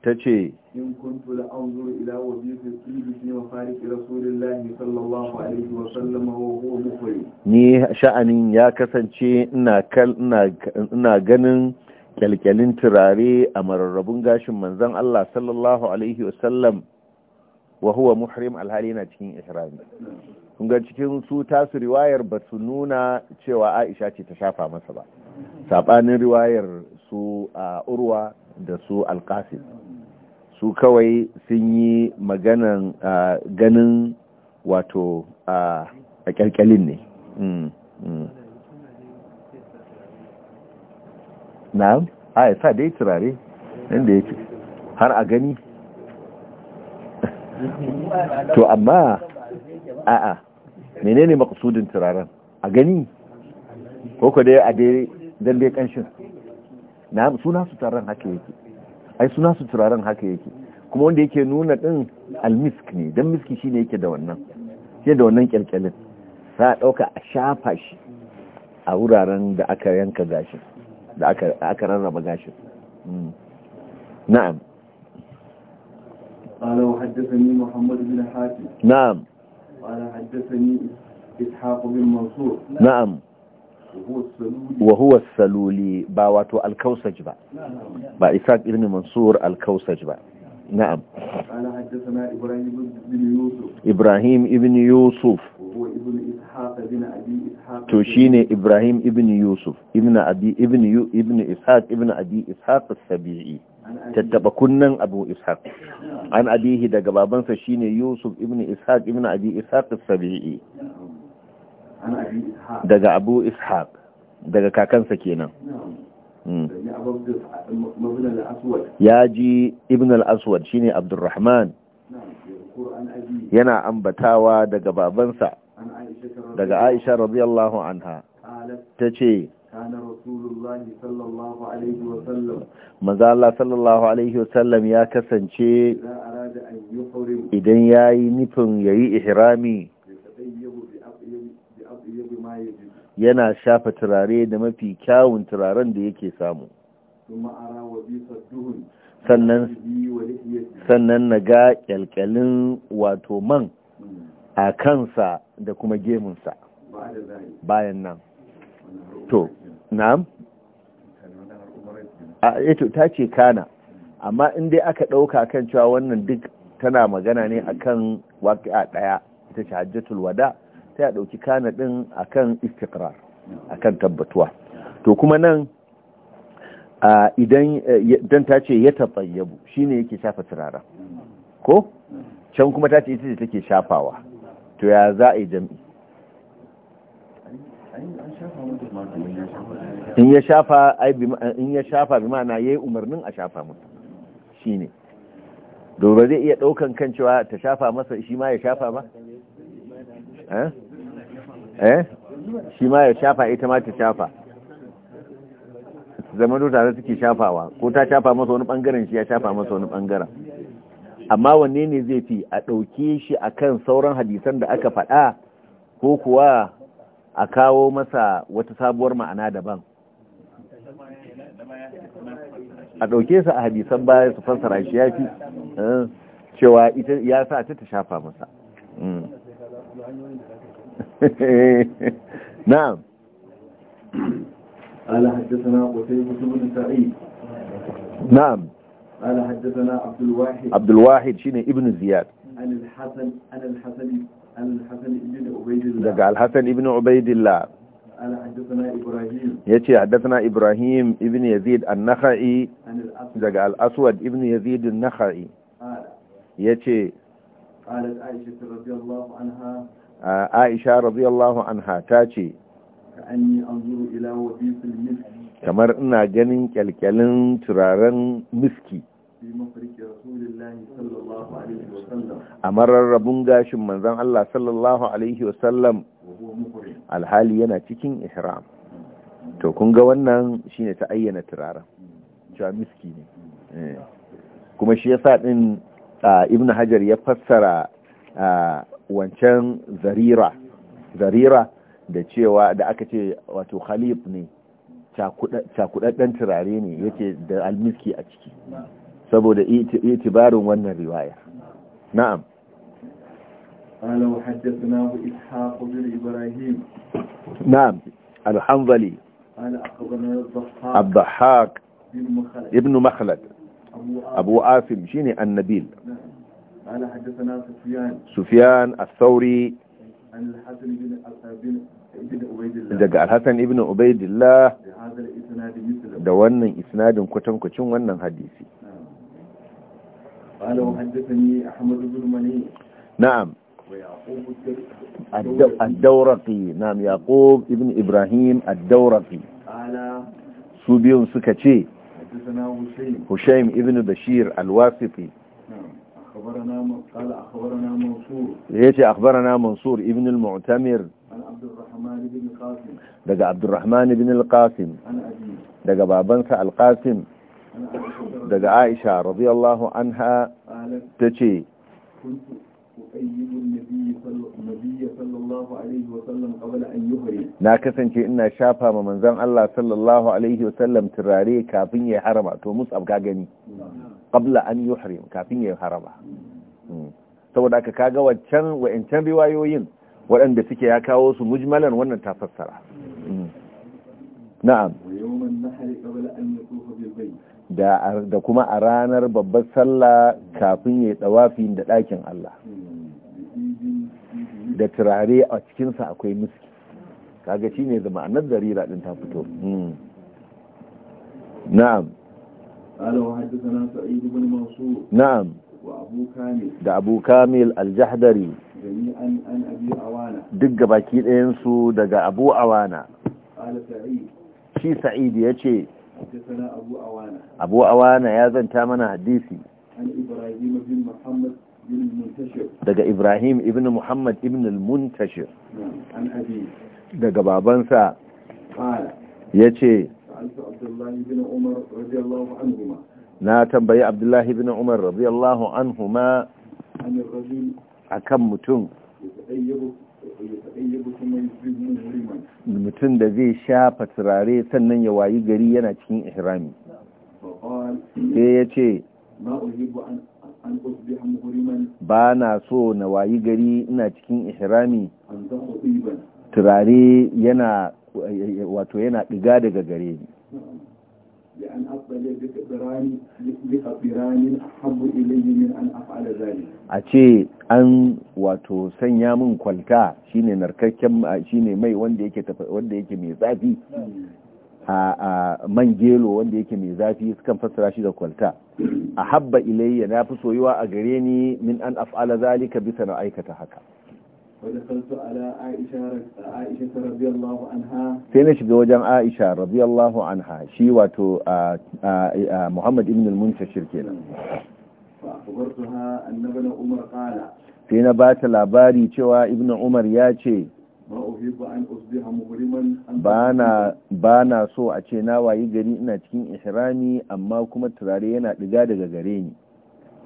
ta ce ni sha'anin ya kasance ina ganin kyalkyalin turare a mararrabun gashin manzon Allah sallallahu alaihi wasallam wa huwa muhrim alhali na cikin ihrami kun ga cikin su tasu riwayar ba su nuna cewa Aisha ce ta shafa masa ba saɓanin riwayar su a urwa da su alkasir su kawai sun yi maganan ganin wato a ƙyalƙyalin ne mm, mm. na'am a ya sa dai turare inda ya ce har a gani to amma a'a menene makasudin turaren a gani ko ku dai a dai dan dai kanshin na suna su turaren haka yake ai suna su turaren haka yake kuma wanda yake nuna din almisk ne dan miski shine yake da wannan shi da wannan kyalkyalin sa dauka a shafa shi a wuraren da aka yanka gashin da aka aka rarraba gashin hmm. na'am قال وحدثني محمد بن حاتم نعم قال حدثني اسحاق بن منصور نعم wa huwa ba wato alkausaj ba ba isaac ibn mansur alkausaj ba ibrahim ibn yusuf to shine ibrahim ibn yusuf ibn abi ibn ibn ishaq ibn abi ishaq abu ishaq an abihi daga babansa shine yusuf ibn ishaq ibn abi ishaq as daga abu ishaq daga kakansa kenan hmm. ya ji ibn al-aswad shine abdurrahman yana ambatawa daga babansa daga aisha radiyallahu anha ta ce mazala sallallahu alaihi wasallam ya kasance idan ya yi nufin ya yi Ihirami. yana shafa turare da mafi kyawun turaren da yake samu sannan sannan na ga kyalkyalin wato man hmm. a kansa da kuma gemunsa bayan nan to na'am a eto eh ta ce kana amma in dai aka ɗauka kan cewa wannan duk tana magana ne akan a ɗaya ita ce hajjatul wada' sai a ɗauki kana ɗin a kan istikrar a kan tabbatuwa to kuma nan idan eh, ta ce ya tabayyabu shi ne yake shafa turara ko can kuma ta ce ita ce take shafawa to ya za a yi jam'i in ya shafa in ya shafa bi ma'ana yi umarnin a shafa shi ne dobe zai iya ɗaukan kan cewa ta shafa masa shi ma ya shafa ba eh eh shi ma ya shafa ita ma ta shafa zamanu tare suke shafawa ko ta shafa masa wani bangaren shi ya shafa masa wani bangaren amma wanne ne zai fi a ɗauke shi akan sauran hadisan da aka faɗa ko kuwa a kawo masa wata sabuwar ma'ana daban a ɗauke su a hadisan baya su fassara shi ya fi eh, cewa ya sa ta ta shafa masa hmm. na'am قال حدثنا قتيبة بن سعيد نعم قال حدثنا عبد الواحد عبد الواحد شنو ابن زياد عن الحسن عن الحسن عن الحسن ابن عبيد الله دقى الحسن ابن عبيد الله قال حدثنا ابراهيم يتي حدثنا ابراهيم ابن يزيد النخعي عن الاسود دقى الاسود ابن يزيد النخعي قال يتي قالت عائشة رضي الله عنها aisha radiyallahu anha ta ce kamar ina ganin kyalkyalin turaren miski a mararrabun gashin manzan Allah sallallahu alaihi wasallam alhali yana cikin ihram to kun ga wannan shine ta ayyana turaren cewa miski ne kuma shi yasa ɗin ibn hajar ya fassara wancan zarira zarira da cewa da aka ce wato khalif ne cakudaddan turare ne yake da almiski a ciki saboda itibarin wannan riwaya na'am قال وحدثناه إسحاق بن إبراهيم نعم الحنظلي قال أخبرنا الضحاك الضحاك ابن مخلد أبو آثم شيني النبيل نعم قال حدثنا سفيان سفيان الثوري عن الحسن بن daga alhassan ibn ubaidillah da wannan isnadin kwatankwacin wannan hadisi na'am addauraki na'am yaqub ibn ibrahim addauraki su biyun suka ce hushaim ibn bashir alwasiti ya ce akhbarana mansur ibn al-mu'tamir daga abdurrahman ibn al-qasim daga babansa al daga aisha radiyallahu anha ta ce na kasance ina shafa ma manzon Allah sallallahu alaihi wasallam turare kafin ya harama to musab ka gani qabla an yuhrim kafin ya haraba, hmm. saboda aka kaga waccan wa'ancan riwayoyin waɗanda suke ya kawo su mujmalan wannan ta fassara hmm. na'am da kuma a ranar babbar sallah kafin ya tsawafi da ɗakin Allah da turare a cikinsa akwai miski kaga shine zama annar zarira din ta fito hmm. na'am قال وحدثنا سعيد بن منصور نعم وأبو كامل ده ابو كامل الجحدري جميعا عن أبي عوانة دق باكيد إنسو دق أبو عوانة قال سعيد شي سعيد يا شي حدثنا أبو عوانة أبو عوانة يا زنتا منا حديثي عن ابراهيم بن محمد بن المنتشر دق إبراهيم ابن محمد ابن المنتشر نعم عن أبي دق بابنسا قال يا na tambayi abdullahi bin umar radiyallahu anhuma akan mutum mutum da zai shafa turare sannan ya wayi gari yana cikin ihrami sai ya ce ba na so na wayi gari ina cikin ihrami turare yana wato yana ɗiga daga gare ni a ce an wato sanya min kwalta shine narkakken shine mai wanda yake wanda yake mai zafi a man gelo wanda yake mai zafi sukan fassara shi da kwalta a habba ilayya na fi soyuwa a gare ni min an af'ala zalika bisa na aikata haka sai na shiga wajen aisha radiyallahu anha shi wato muhammad ibn al-muntashir kenan sai na ba ta labari cewa ibn umar ya ce ba na so a ce na wayi gari ina cikin ishirami amma kuma turare yana diga daga gare ni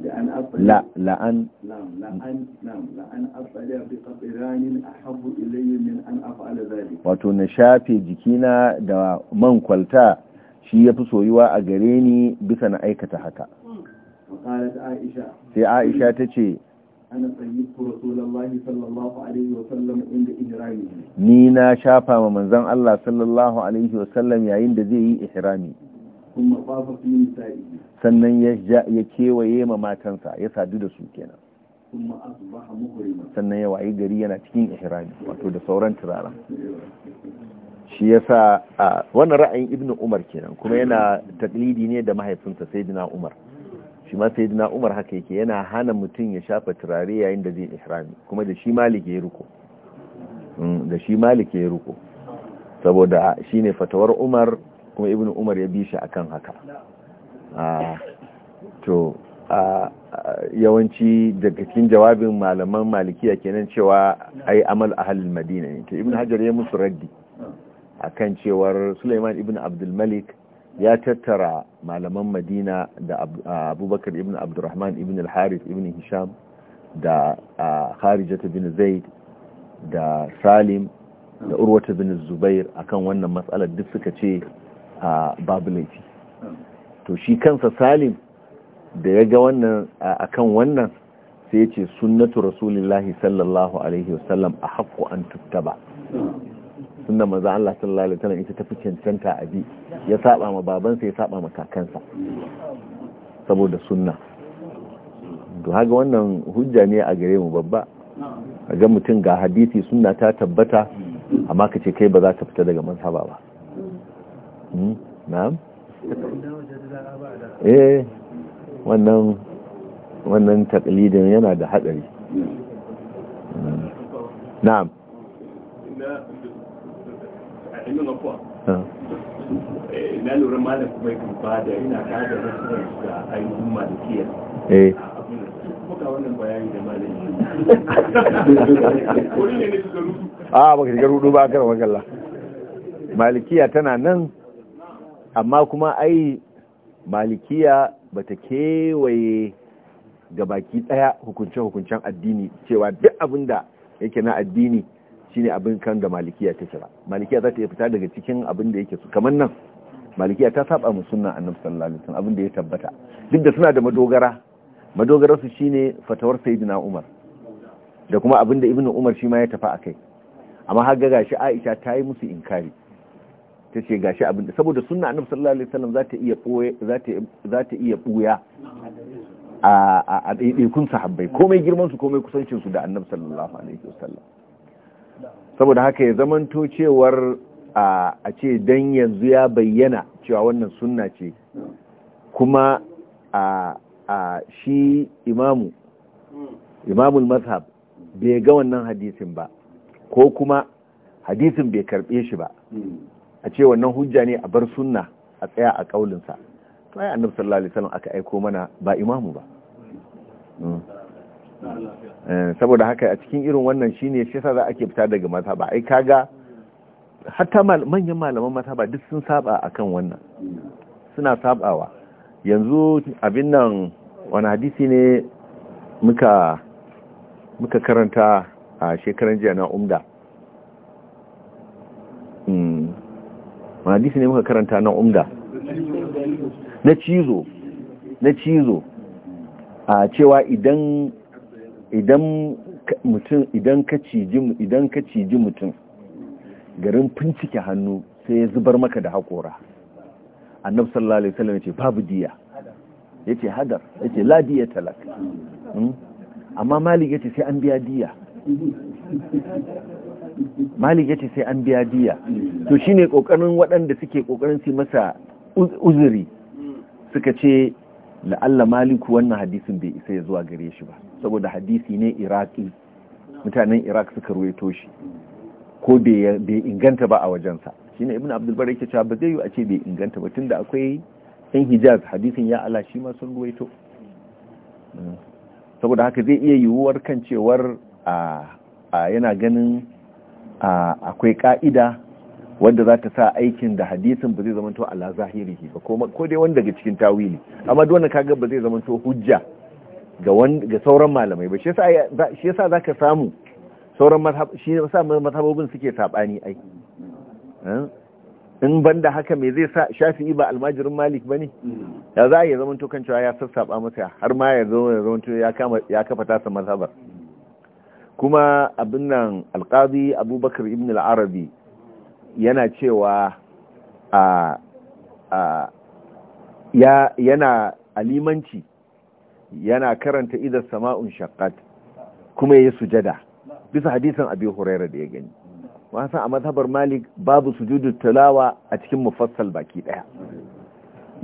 لا لأن لأن نعم لأن أفعل بقطران أحب إلي من أن أفعل ذلك wato na shafe jikina da man kwalta shi yafi soyuwa a gare ni bisa na aikata haka sai Aisha ta ce ni na shafa ma manzon Allah sallallahu yayin da zai yi ihrami sannan ya kewaye ma matansa ya sadu da su kenan sannan ya wayi gari yana cikin ihrami wato da sauran turara shi ya sa a wani ra'ayin ibnu umar kenan kuma yana taklidi ne da mahaifinsa sayyidina umar shi ma sayyidina umar haka yake yana hana mutum ya shafa turare yayin da zai ihrami kuma da shi malik ya ruko mm, da shi malik ya ruko saboda shine fatawar umar kuma ibn umar ya bi shi akan haka ah, to yawanci daga cikin jawabin malaman malikiya kenan cewa ai amal ahlul madina ne to ibn hajar ya musu raddi akan cewar Suleiman ibn Abdul ya tattara malaman Madina da Abubakar ibn Abdurrahman ibn al-Harith ibn Hisham da ta bin Zaid da Salim da Urwata bin Zubair akan wannan matsalar duk suka ce a laifi to shi kansa salim da ya ga wannan a kan wannan sai ya ce sunnatu rasulillahi sallallahu alaihi wasallam a haƙo an tuttaba sunna maza Allah sallallahu alaihi wasallam ita tafi cancanta a bi ya saba ma babansa ya saba ma kakansa saboda sunna to haga wannan hujja ne a gare mu babba a ga mutum ga hadisi sunna ta tabbata amma ka ce kai ba za ta fita daga mazhaba ba Hmm? na'am eh wannan wannan taklidin yana da hadari hmm. na'am na lura malam kuma ya kuma da ina kada da eh. kuka wannan bayani da malam yi ne ne a baka shiga rudu ba magalla malikiya tana nan amma kuma ai malikiya bata kewaye ga baki daya hukunce-hukuncen addini cewa duk abin da yake na addini shine abin kan da malikiya ta kira malikiya za ta yi fita daga cikin abin da yake su kamar nan malikiya ta saba mu sunna annabi sallallahu alaihi wasallam abin da ya tabbata duk da suna da madogara madogara su shine fatawar sayyidina umar da kuma abin da ibnu umar shi ma ya tafi kai amma har ga gashi aisha ta yi musu inkari ta ce gashi abin da saboda sunna annabi sallallahu alaihi wasallam za ta iya boye zata iya buya a a kun sahabbai komai girman su komai kusancin su da annabi sallallahu alaihi wasallam saboda haka ya zamanto cewar a ce dan yanzu ya bayyana cewa wannan sunna ce kuma a shi imamu imamul mazhab bai ga wannan hadisin ba ko kuma hadisin bai karbe shi ba a ce wannan hujja ne a bar sunna a tsaya a kaulinsa to ai annabi sallallahu alaihi wasallam aka aiko mana ba imamu ba mm. eh, saboda haka a cikin irin wannan shine shi yasa za ake fita daga mata ba, ai kaga hatta manyan malaman mata ba duk sun saba akan wannan suna sabawa yanzu abin nan wani hadisi ne muka muka karanta a shekaran jiya na umda hadisi ne muka karanta na umda na cizo na cizo a cewa idan idan mutum idan ka ciji idan ka ciji mutum garin fincike hannu sai ya zubar maka da haƙora annab sallallahu alaihi wasallam yace babu diya yace hadar yace la diya talak hmm? amma malik yace sai an biya diya malik ya ce sai an biya diya to shine kokarin waɗanda suke kokarin su masa uzuri suka ce la'alla maliku wannan hadisin bai isa ya zuwa gare shi ba saboda hadisi ne iraki mutanen iraq suka ruwaito shi ko bai inganta ba a wajensa ne ibn abdulbar yake cewa ba zai yi a ce bai inganta ba tunda akwai yan hijaz hadisin ya ala shi ma sun ruwaito saboda haka zai iya yiwuwar kan cewar a yana ganin akwai ka'ida wanda za ta sa aikin da hadisin ba zai zamanto ala zahiri ba ko dai wanda daga cikin tawili amma duk wanda kaga ba zai zamanto hujja ga ga sauran malamai ba shi yasa za ka samu sauran mazhab shi yasa mazhabobin suke sabani ai hmm? in banda haka me zai sa Shafi'i ba almajirin Malik bane mm. ya za ya zamanto kan cewa ya sassaba masa har ma ya zo ya zamanto ya kama ya kafa tasa mazhabar kuma abin nan alkazi abubakar ibn al'arabi yana cewa a yana alimanci yana karanta idar sama'un shakkat kuma ya sujada bisa hadisan abin hurairar da ya gani wasan a mazhabar malik babu sujudu talawa a cikin mafassal baki daya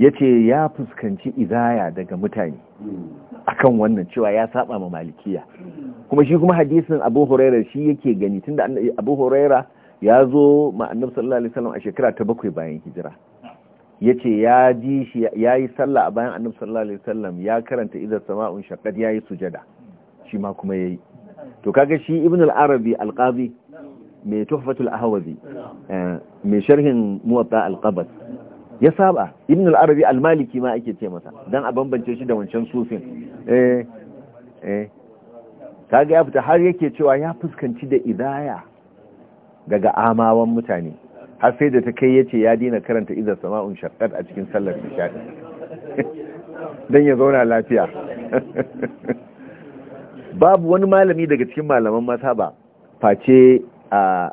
ya ce ya fuskanci izaya daga mutane akan wannan cewa ya saba ma malikiya kuma shi kuma hadisin abu huraira shi yake gani tunda abu huraira ya zo ma annabi sallallahu alaihi wasallam a shekara ta bakwai bayan hijira yace ya ji shi yayi sallah a bayan annabi sallallahu alaihi wasallam ya karanta idan sama'un ya yayi sujada shi ma kuma yayi to kaga shi ibn al-arabi al-qadi mai tuhfatul ahwazi eh, mai sharhin muwatta al ya saba ibn al-arabi al-maliki ma ake ce masa dan a bambance shi da wancan sufin eh eh kaga ya fita har yake cewa ya fuskanci da idaya daga amawan mutane har sai da ta kai yace ya dina karanta idan sama'un shaqqat a cikin sallar nishadi dan ya zauna lafiya babu wani malami daga cikin malaman mata ba face a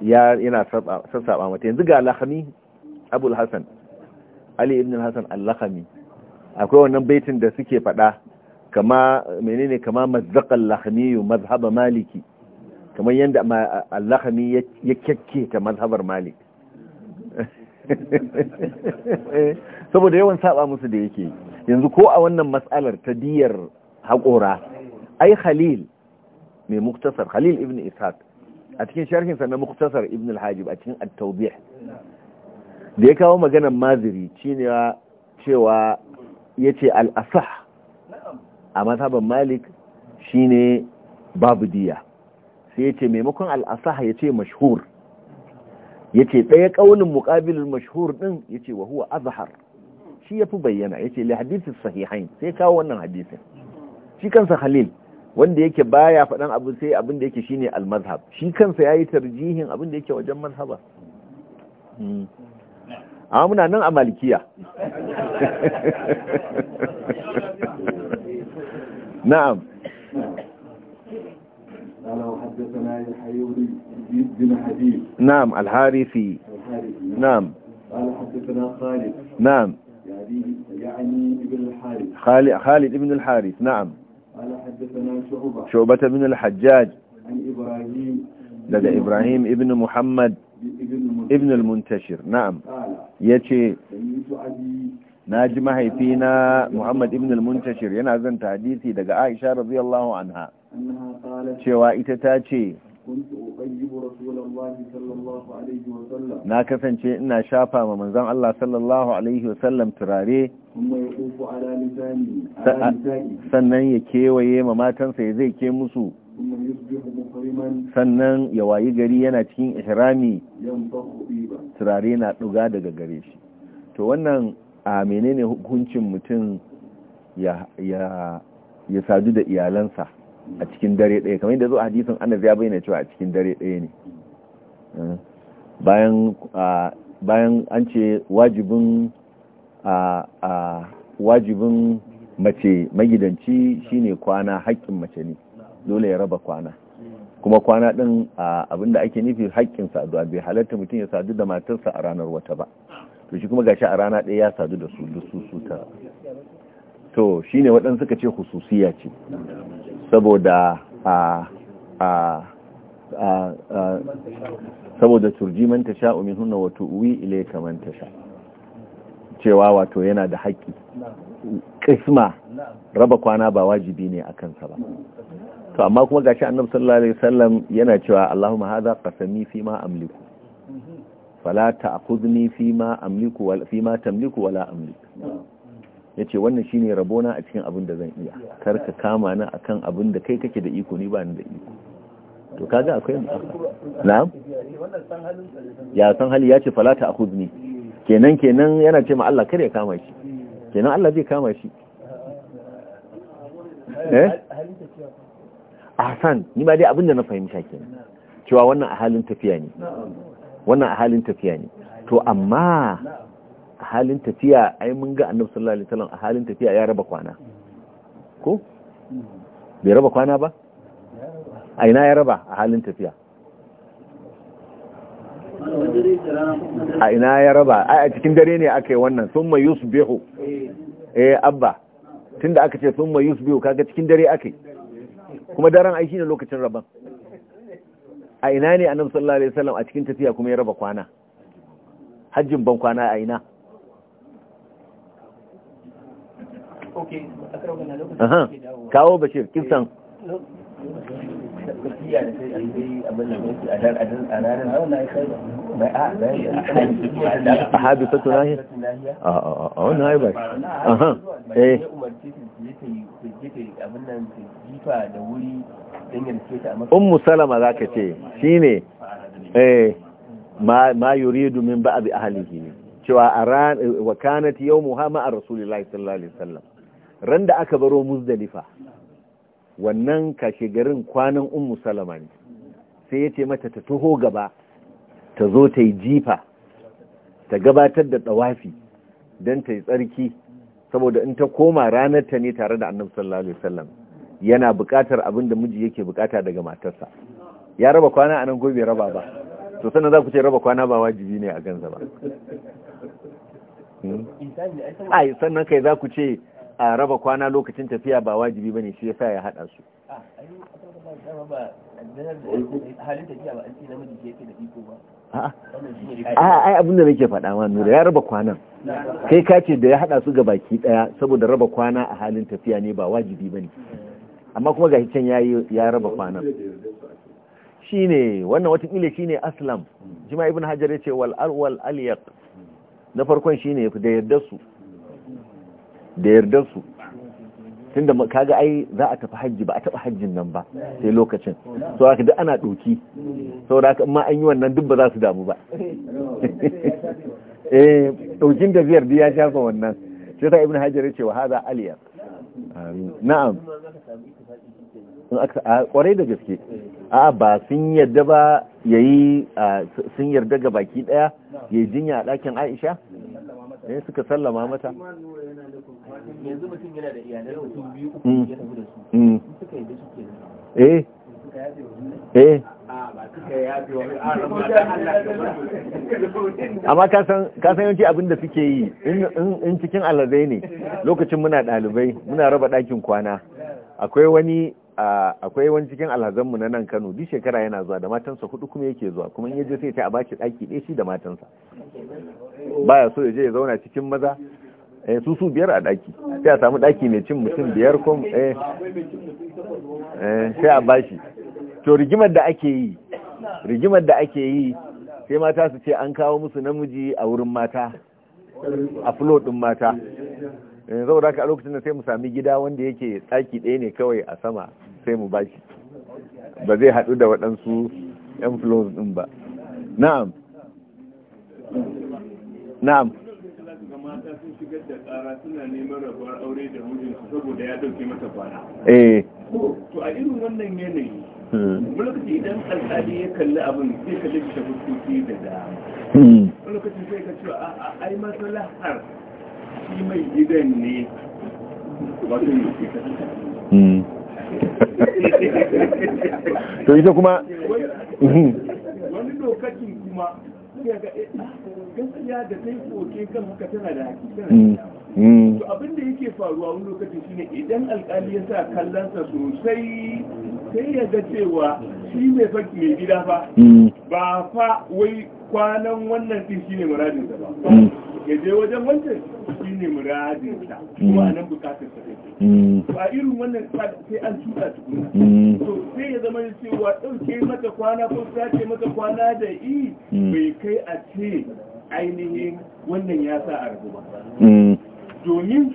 ya yana sassaba mata yanzu ga lakhami abul hasan ali ibn Hassan al lakami akwai wannan baitin da suke fada kama menene kama mazzaqal lahmi mazhaba maliki kamar yadda lahmi ya kyakke ta mazhabar malik saboda yawan saba musu da yake yanzu ko a wannan mas'alar ta diyar haƙora ai khalil mai muktasar khalil ibn ishaq a cikin sharhinsa na muktasar ibn al-hajib a cikin at-tawbih da ya kawo maganar maziri cewa yace al-asah a mazhaban malik shine babu diya sai ya maimakon al'asaha ya ce mashhur ya ce ɗaya ƙaunin muƙabilin mashhur ɗin ya ce wa huwa azhar shi ya fi bayyana ya ce lihadisin sahihain sai kawo wannan hadisin shi kansa halil wanda yake baya faɗan abu sai abin da yake shine al-mazhab shi kansa yayi tarjihin abin da yake wajen mazhaba hmm. amma muna nan a malikiya نعم وحدثنا بن حبيب نعم الحارثي نعم حدثنا خالد نعم يعني يعني ابن الحارث خالد خالد ابن الحارث نعم حدثنا شعبة شعبة بن الحجاج عن إبراهيم لدى إبراهيم ابن محمد ابن المنتشر نعم يتي na ji mahaifina Muhammad ibn al-Muntashir yana zanta hadisi daga Aisha radiyallahu anha cewa ita ta ce na kasance ina shafa ma manzon Allah sallallahu alaihi wa sallam turare sannan ya kewaye ma matansa ya zai ke musu sannan ya wayi gari yana cikin ihrami turare na ɗuga daga gare shi to wannan a menene hukuncin mutum ya sadu da iyalansa a cikin dare ɗaya kamar yadda zo a hadisin ana ya bayyana cewa a cikin dare ɗaya ne eh, bayan bayan an ce wajibin wajibin mace magidanci shine kwana haƙƙin mace ne dole ya raba kwana kuma kwana ɗin abinda ake nufi haƙƙin saduwa bai halatta mutum ya sadu da matarsa a ranar wata ba to shi kuma gashi a rana ɗaya ya sadu da su da su su ta to shi ne waɗansu suka ce hususiya ce saboda a a a saboda turji manta sha sha'u min hunna wato uwi ile ka manta sha cewa wato yana da haƙƙi kisma raba kwana ba wajibi ne a kansa ba to amma kuma gashi annabi sallallahu alaihi wasallam yana cewa Allahumma hadha qasami fi ma amliku fala ta'khudni fima amliku wala ma tamliku wala amlik yace wannan shine rabona a cikin abin da zan iya kar ka kama ni akan abin da kai kake da iko ni ba ni da iko to kaga akwai na'am ya san hali ya ce fala ta'khudni kenan kenan yana ce ma Allah kar ya kama shi kenan Allah zai kama shi eh ahsan ni ba dai abin da na fahimta kenan cewa wannan a halin tafiya ne wannan a halin tafiya ne to amma a halin tafiya ai mun ga annabi sallallahu alaihi wasallam a halin tafiya ya raba kwana ko bai raba kwana ba a ina ya raba a halin tafiya a ina ya raba a cikin dare ne aka yi wannan sun yusbihu eh abba tunda aka ce sun yusbihu kaga cikin dare aka yi kuma daren aiki ne lokacin raban a ina ne annabi sallallahu alaihi wasallam a cikin tafiya kuma ya raba kwana hajjin ban kwana a ina okay kawo bashir kin san eh, أحد فتناهي آه آه آه أون هاي بس آه إيه أم سلمة ذاك شيء شيني إيه ما ما يريد من بعض أهله شو أران وكانت يومها مع رسول الله صلى الله عليه وسلم رند أكبر مزدلفة wannan kashe garin kwanan ummu salama ne sai ya ce mata ta taho gaba ta zo ta yi jifa ta gabatar da ɗawafi don ta yi tsarki saboda in ta koma ranar ta ne tare da annabi sallallahu alaihi wasallam yana buƙatar abin da miji yake buƙata daga matarsa ya raba kwana a nan gobe raba ba to sannan za ku ce raba kwana ba wajibi ne a gansa ba hmm? ai sannan kai za ku ce a raba kwana lokacin tafiya ba wajibi bane shi yasa ya hada su ai abin da nake faɗa ma nura ya raba kwanan kai ka ce da ya hada su ga baki daya saboda raba kwana a halin tafiya ne ba wajibi bane amma kuma gashi can yayi ya raba kwanan shine wannan watakila shine aslam jima ibn hajar yace wal arwal na farkon shine da yarda su da yardar su tun da kaga ai za a tafi hajji ba a taɓa hajjin nan ba sai lokacin so haka duk ana doki saboda haka ma an yi wannan duk ba za su damu ba eh dokin da biyar ya shafa wannan sai ta ibnu hajar ya ce wa haza aliyar na'am kwarai da gaske a ba sun yarda ba yayi sun yarda ga baki daya yayi jinya a ɗakin Aisha ne eh, suka sallama mata yanzu mutum yana da iyalai mutum biyu uku mm. ya da su mm. suka yi eh. eh. da su eh eh amma kasan yanki abin da suke yi in cikin alazai ne lokacin muna ɗalibai muna raba ɗakin kwana akwai wani akwai wani cikin alhazanmu na nan kano duk shekara yana zuwa da matansa hudu kuma yake zuwa kuma in yaje sai ta a bashi ɗaki ɗaya shi da matansa baya so ya je ya zauna cikin maza eh su su biyar a daki sai a samu daki mai cin mutum biyar ko eh, eh sai a bashi to rigimar da ake yi rigimar da ake yi sai mata su ce an kawo musu namiji a wurin mata a flo din mata eh, saboda da a lokacin da sai mu sami gida wanda yake ɗaki ɗaya ne kawai a sama sai mu bashi ba zai haɗu da waɗansu yan flo ɗin ba na'am na'am shigar da tsara suna neman rabuwar aure da mijinsu saboda ya dauke mata kwana eh to a irin wannan yanayi hmm. lokaci idan alƙali ya kalli abin sai ka lafi fuskoki da dama hmm. lokaci sai ka cewa a ai shi mai gidan ne wato ne ke hmm. to ita kuma wani lokacin kuma sai ga eh, ah, gaskiya da kai koke kan haka tana da haƙi mm, mm. to abin da yake faruwa wani lokaci shine idan alƙali ya sa kallonsa sosai sai ya ga cewa shi mai faki mai gida fa mm. ba fa wai kwanan wannan din shi ne muradinsa ba ya je wajen wancan shi ne muradinsa kuma nan bukatar sa take a irin wannan sai an tuta tukuna to sai ya zama cewa ɗauke mata kwana ko sace mata kwana da i bai kai a ce ainihin wannan ya sa a rabu ba mm. domin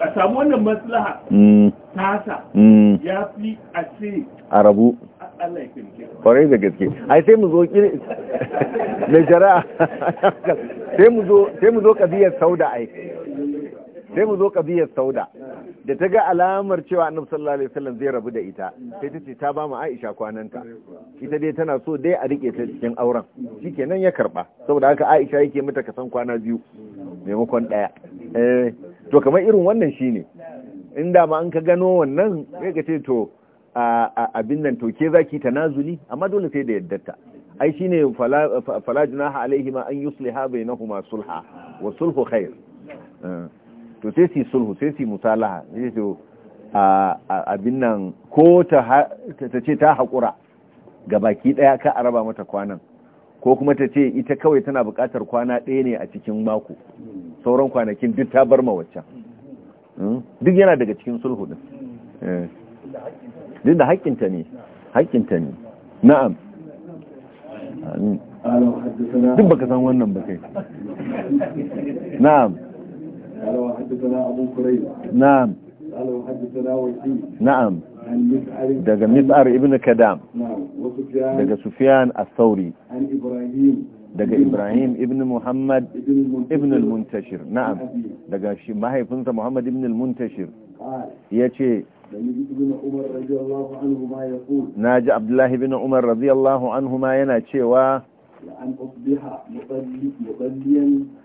a samu wannan maslaha mm. tasa mm. ya fi a ce a rabu kwarai da gaske ai sai mu zo mai jara, sai mu zo kabiyar sau da aiki sai mu zo kabiyar sauda da ta ga alamar cewa annabi sallallahu alaihi wasallam zai rabu da ita sai ta ce ta ba mu Aisha kwananta ita dai tana so dai a rike ta cikin auren shikenan ya karba saboda haka Aisha yake mata kasan kwana biyu maimakon daya eh to kamar irin wannan shine inda ma an ka gano wannan sai ka ce to a abin nan to ke zaki tanazuli amma dole sai da yaddarta ai shine fala junaha alaihima an yusliha bainahuma sulha wa sulhu khair eh. to sai su sulhu sai su musalaha sai su abin nan ko ta ce ta haƙura ga baki ɗaya ka a raba mata kwanan ko kuma ta ce ita kawai tana buƙatar kwana ɗaya ne a cikin mako sauran kwanakin duk ta bar ma hmm? duk yana daga cikin sulhu ɗin eh. duk da haƙƙinta ne haƙƙinta ne na'am duk baka san wannan ba kai na'am قال وحدثنا أبو كريب نعم قال وحدثنا وسيم نعم daga mis'ar ibn kadam daga sufyan al-sauri daga ibrahim ibn muhammad ibn muntashir na'am daga shi muhammad ibn muntashir ya na ji abdullahi ibn umar radiyallahu anhu ma yana cewa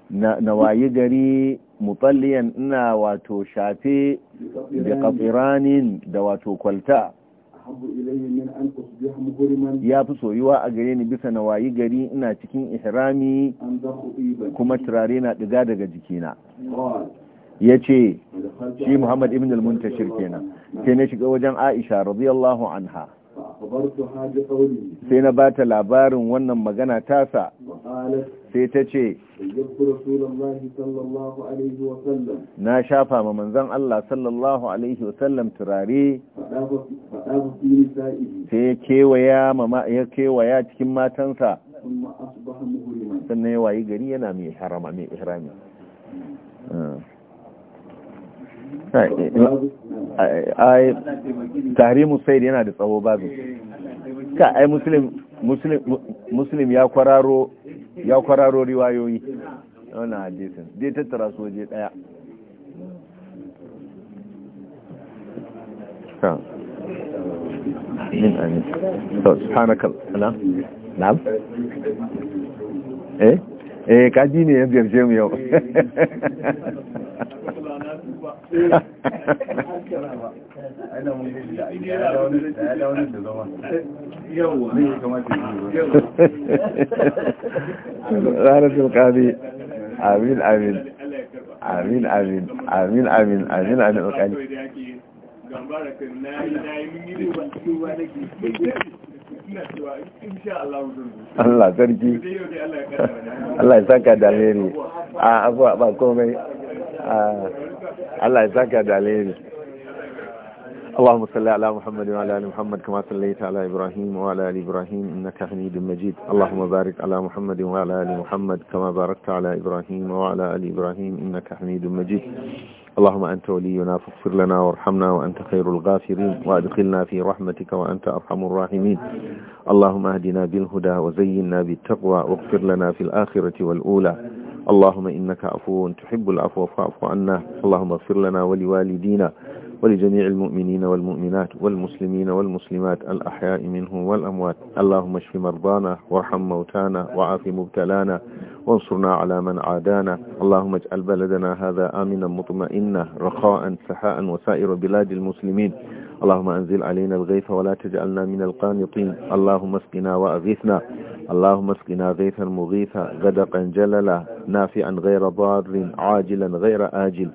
na wayi gari mutalliyan ina wato shafe da kafiranin da wato kwalta ya fi soyuwa a gare ni bisa na wayi gari ina cikin ihrami kuma turare na ɗiga daga jikina ya ce shi muhammad ibn al-muntashir kenan sai na shiga wajen aisha radiyallahu anha sai na ba ta labarin wannan magana tasa sai ta ce na shafa ma manzan Allah sallallahu alaihi wasallam turare sai ya kewaya cikin matansa sannan ya wayi gari yana mai harama mai ihrami ai tahrimu yana da tsawo babu ka ai muslim muslim muslim ya kwararo ya kwararo riwayoyi wannan hadisin dai tattara su waje daya min eh? eh, ne yanzu yanzu yau ranar amin amin amin amin amin amin amin amin alƙali Allah sarki Allah ya saka da alheri a abuwa ba komai آه. الله يجزاك يا دليل اللهم صل على محمد وعلى ال محمد كما صليت على ابراهيم وعلى ال ابراهيم انك حميد مجيد اللهم بارك على محمد وعلى ال محمد كما باركت على ابراهيم وعلى ال ابراهيم انك حميد مجيد اللهم أنت ولينا فاغفر لنا وارحمنا وأنت خير الغافرين وأدخلنا في رحمتك وأنت أرحم الراحمين اللهم أهدنا بالهدى وزينا بالتقوى واغفر لنا في الآخرة والأولى اللهم إنك عفو تحب العفو فاعف عنا اللهم اغفر لنا ولوالدينا ولجميع المؤمنين والمؤمنات والمسلمين والمسلمات الأحياء منهم والأموات اللهم اشف مرضانا وارحم موتانا وعاف مبتلانا وانصرنا على من عادانا اللهم اجعل بلدنا هذا آمنا مطمئنا رخاء سحاء وسائر بلاد المسلمين اللهم أنزل علينا الغيث ولا تجعلنا من القانطين اللهم اسقنا وأغيثنا اللهم اسقنا غيثا مغيثا غدقا جللا نافعا غير ضار عاجلا غير آجل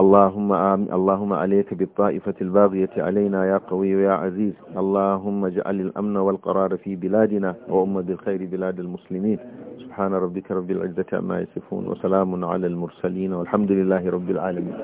اللهم آمين اللهم عليك بالطائفة الباغية علينا يا قوي يا عزيز اللهم اجعل الأمن والقرار في بلادنا وأمة بالخير بلاد المسلمين سبحان ربك رب العزة عما يصفون وسلام على المرسلين والحمد لله رب العالمين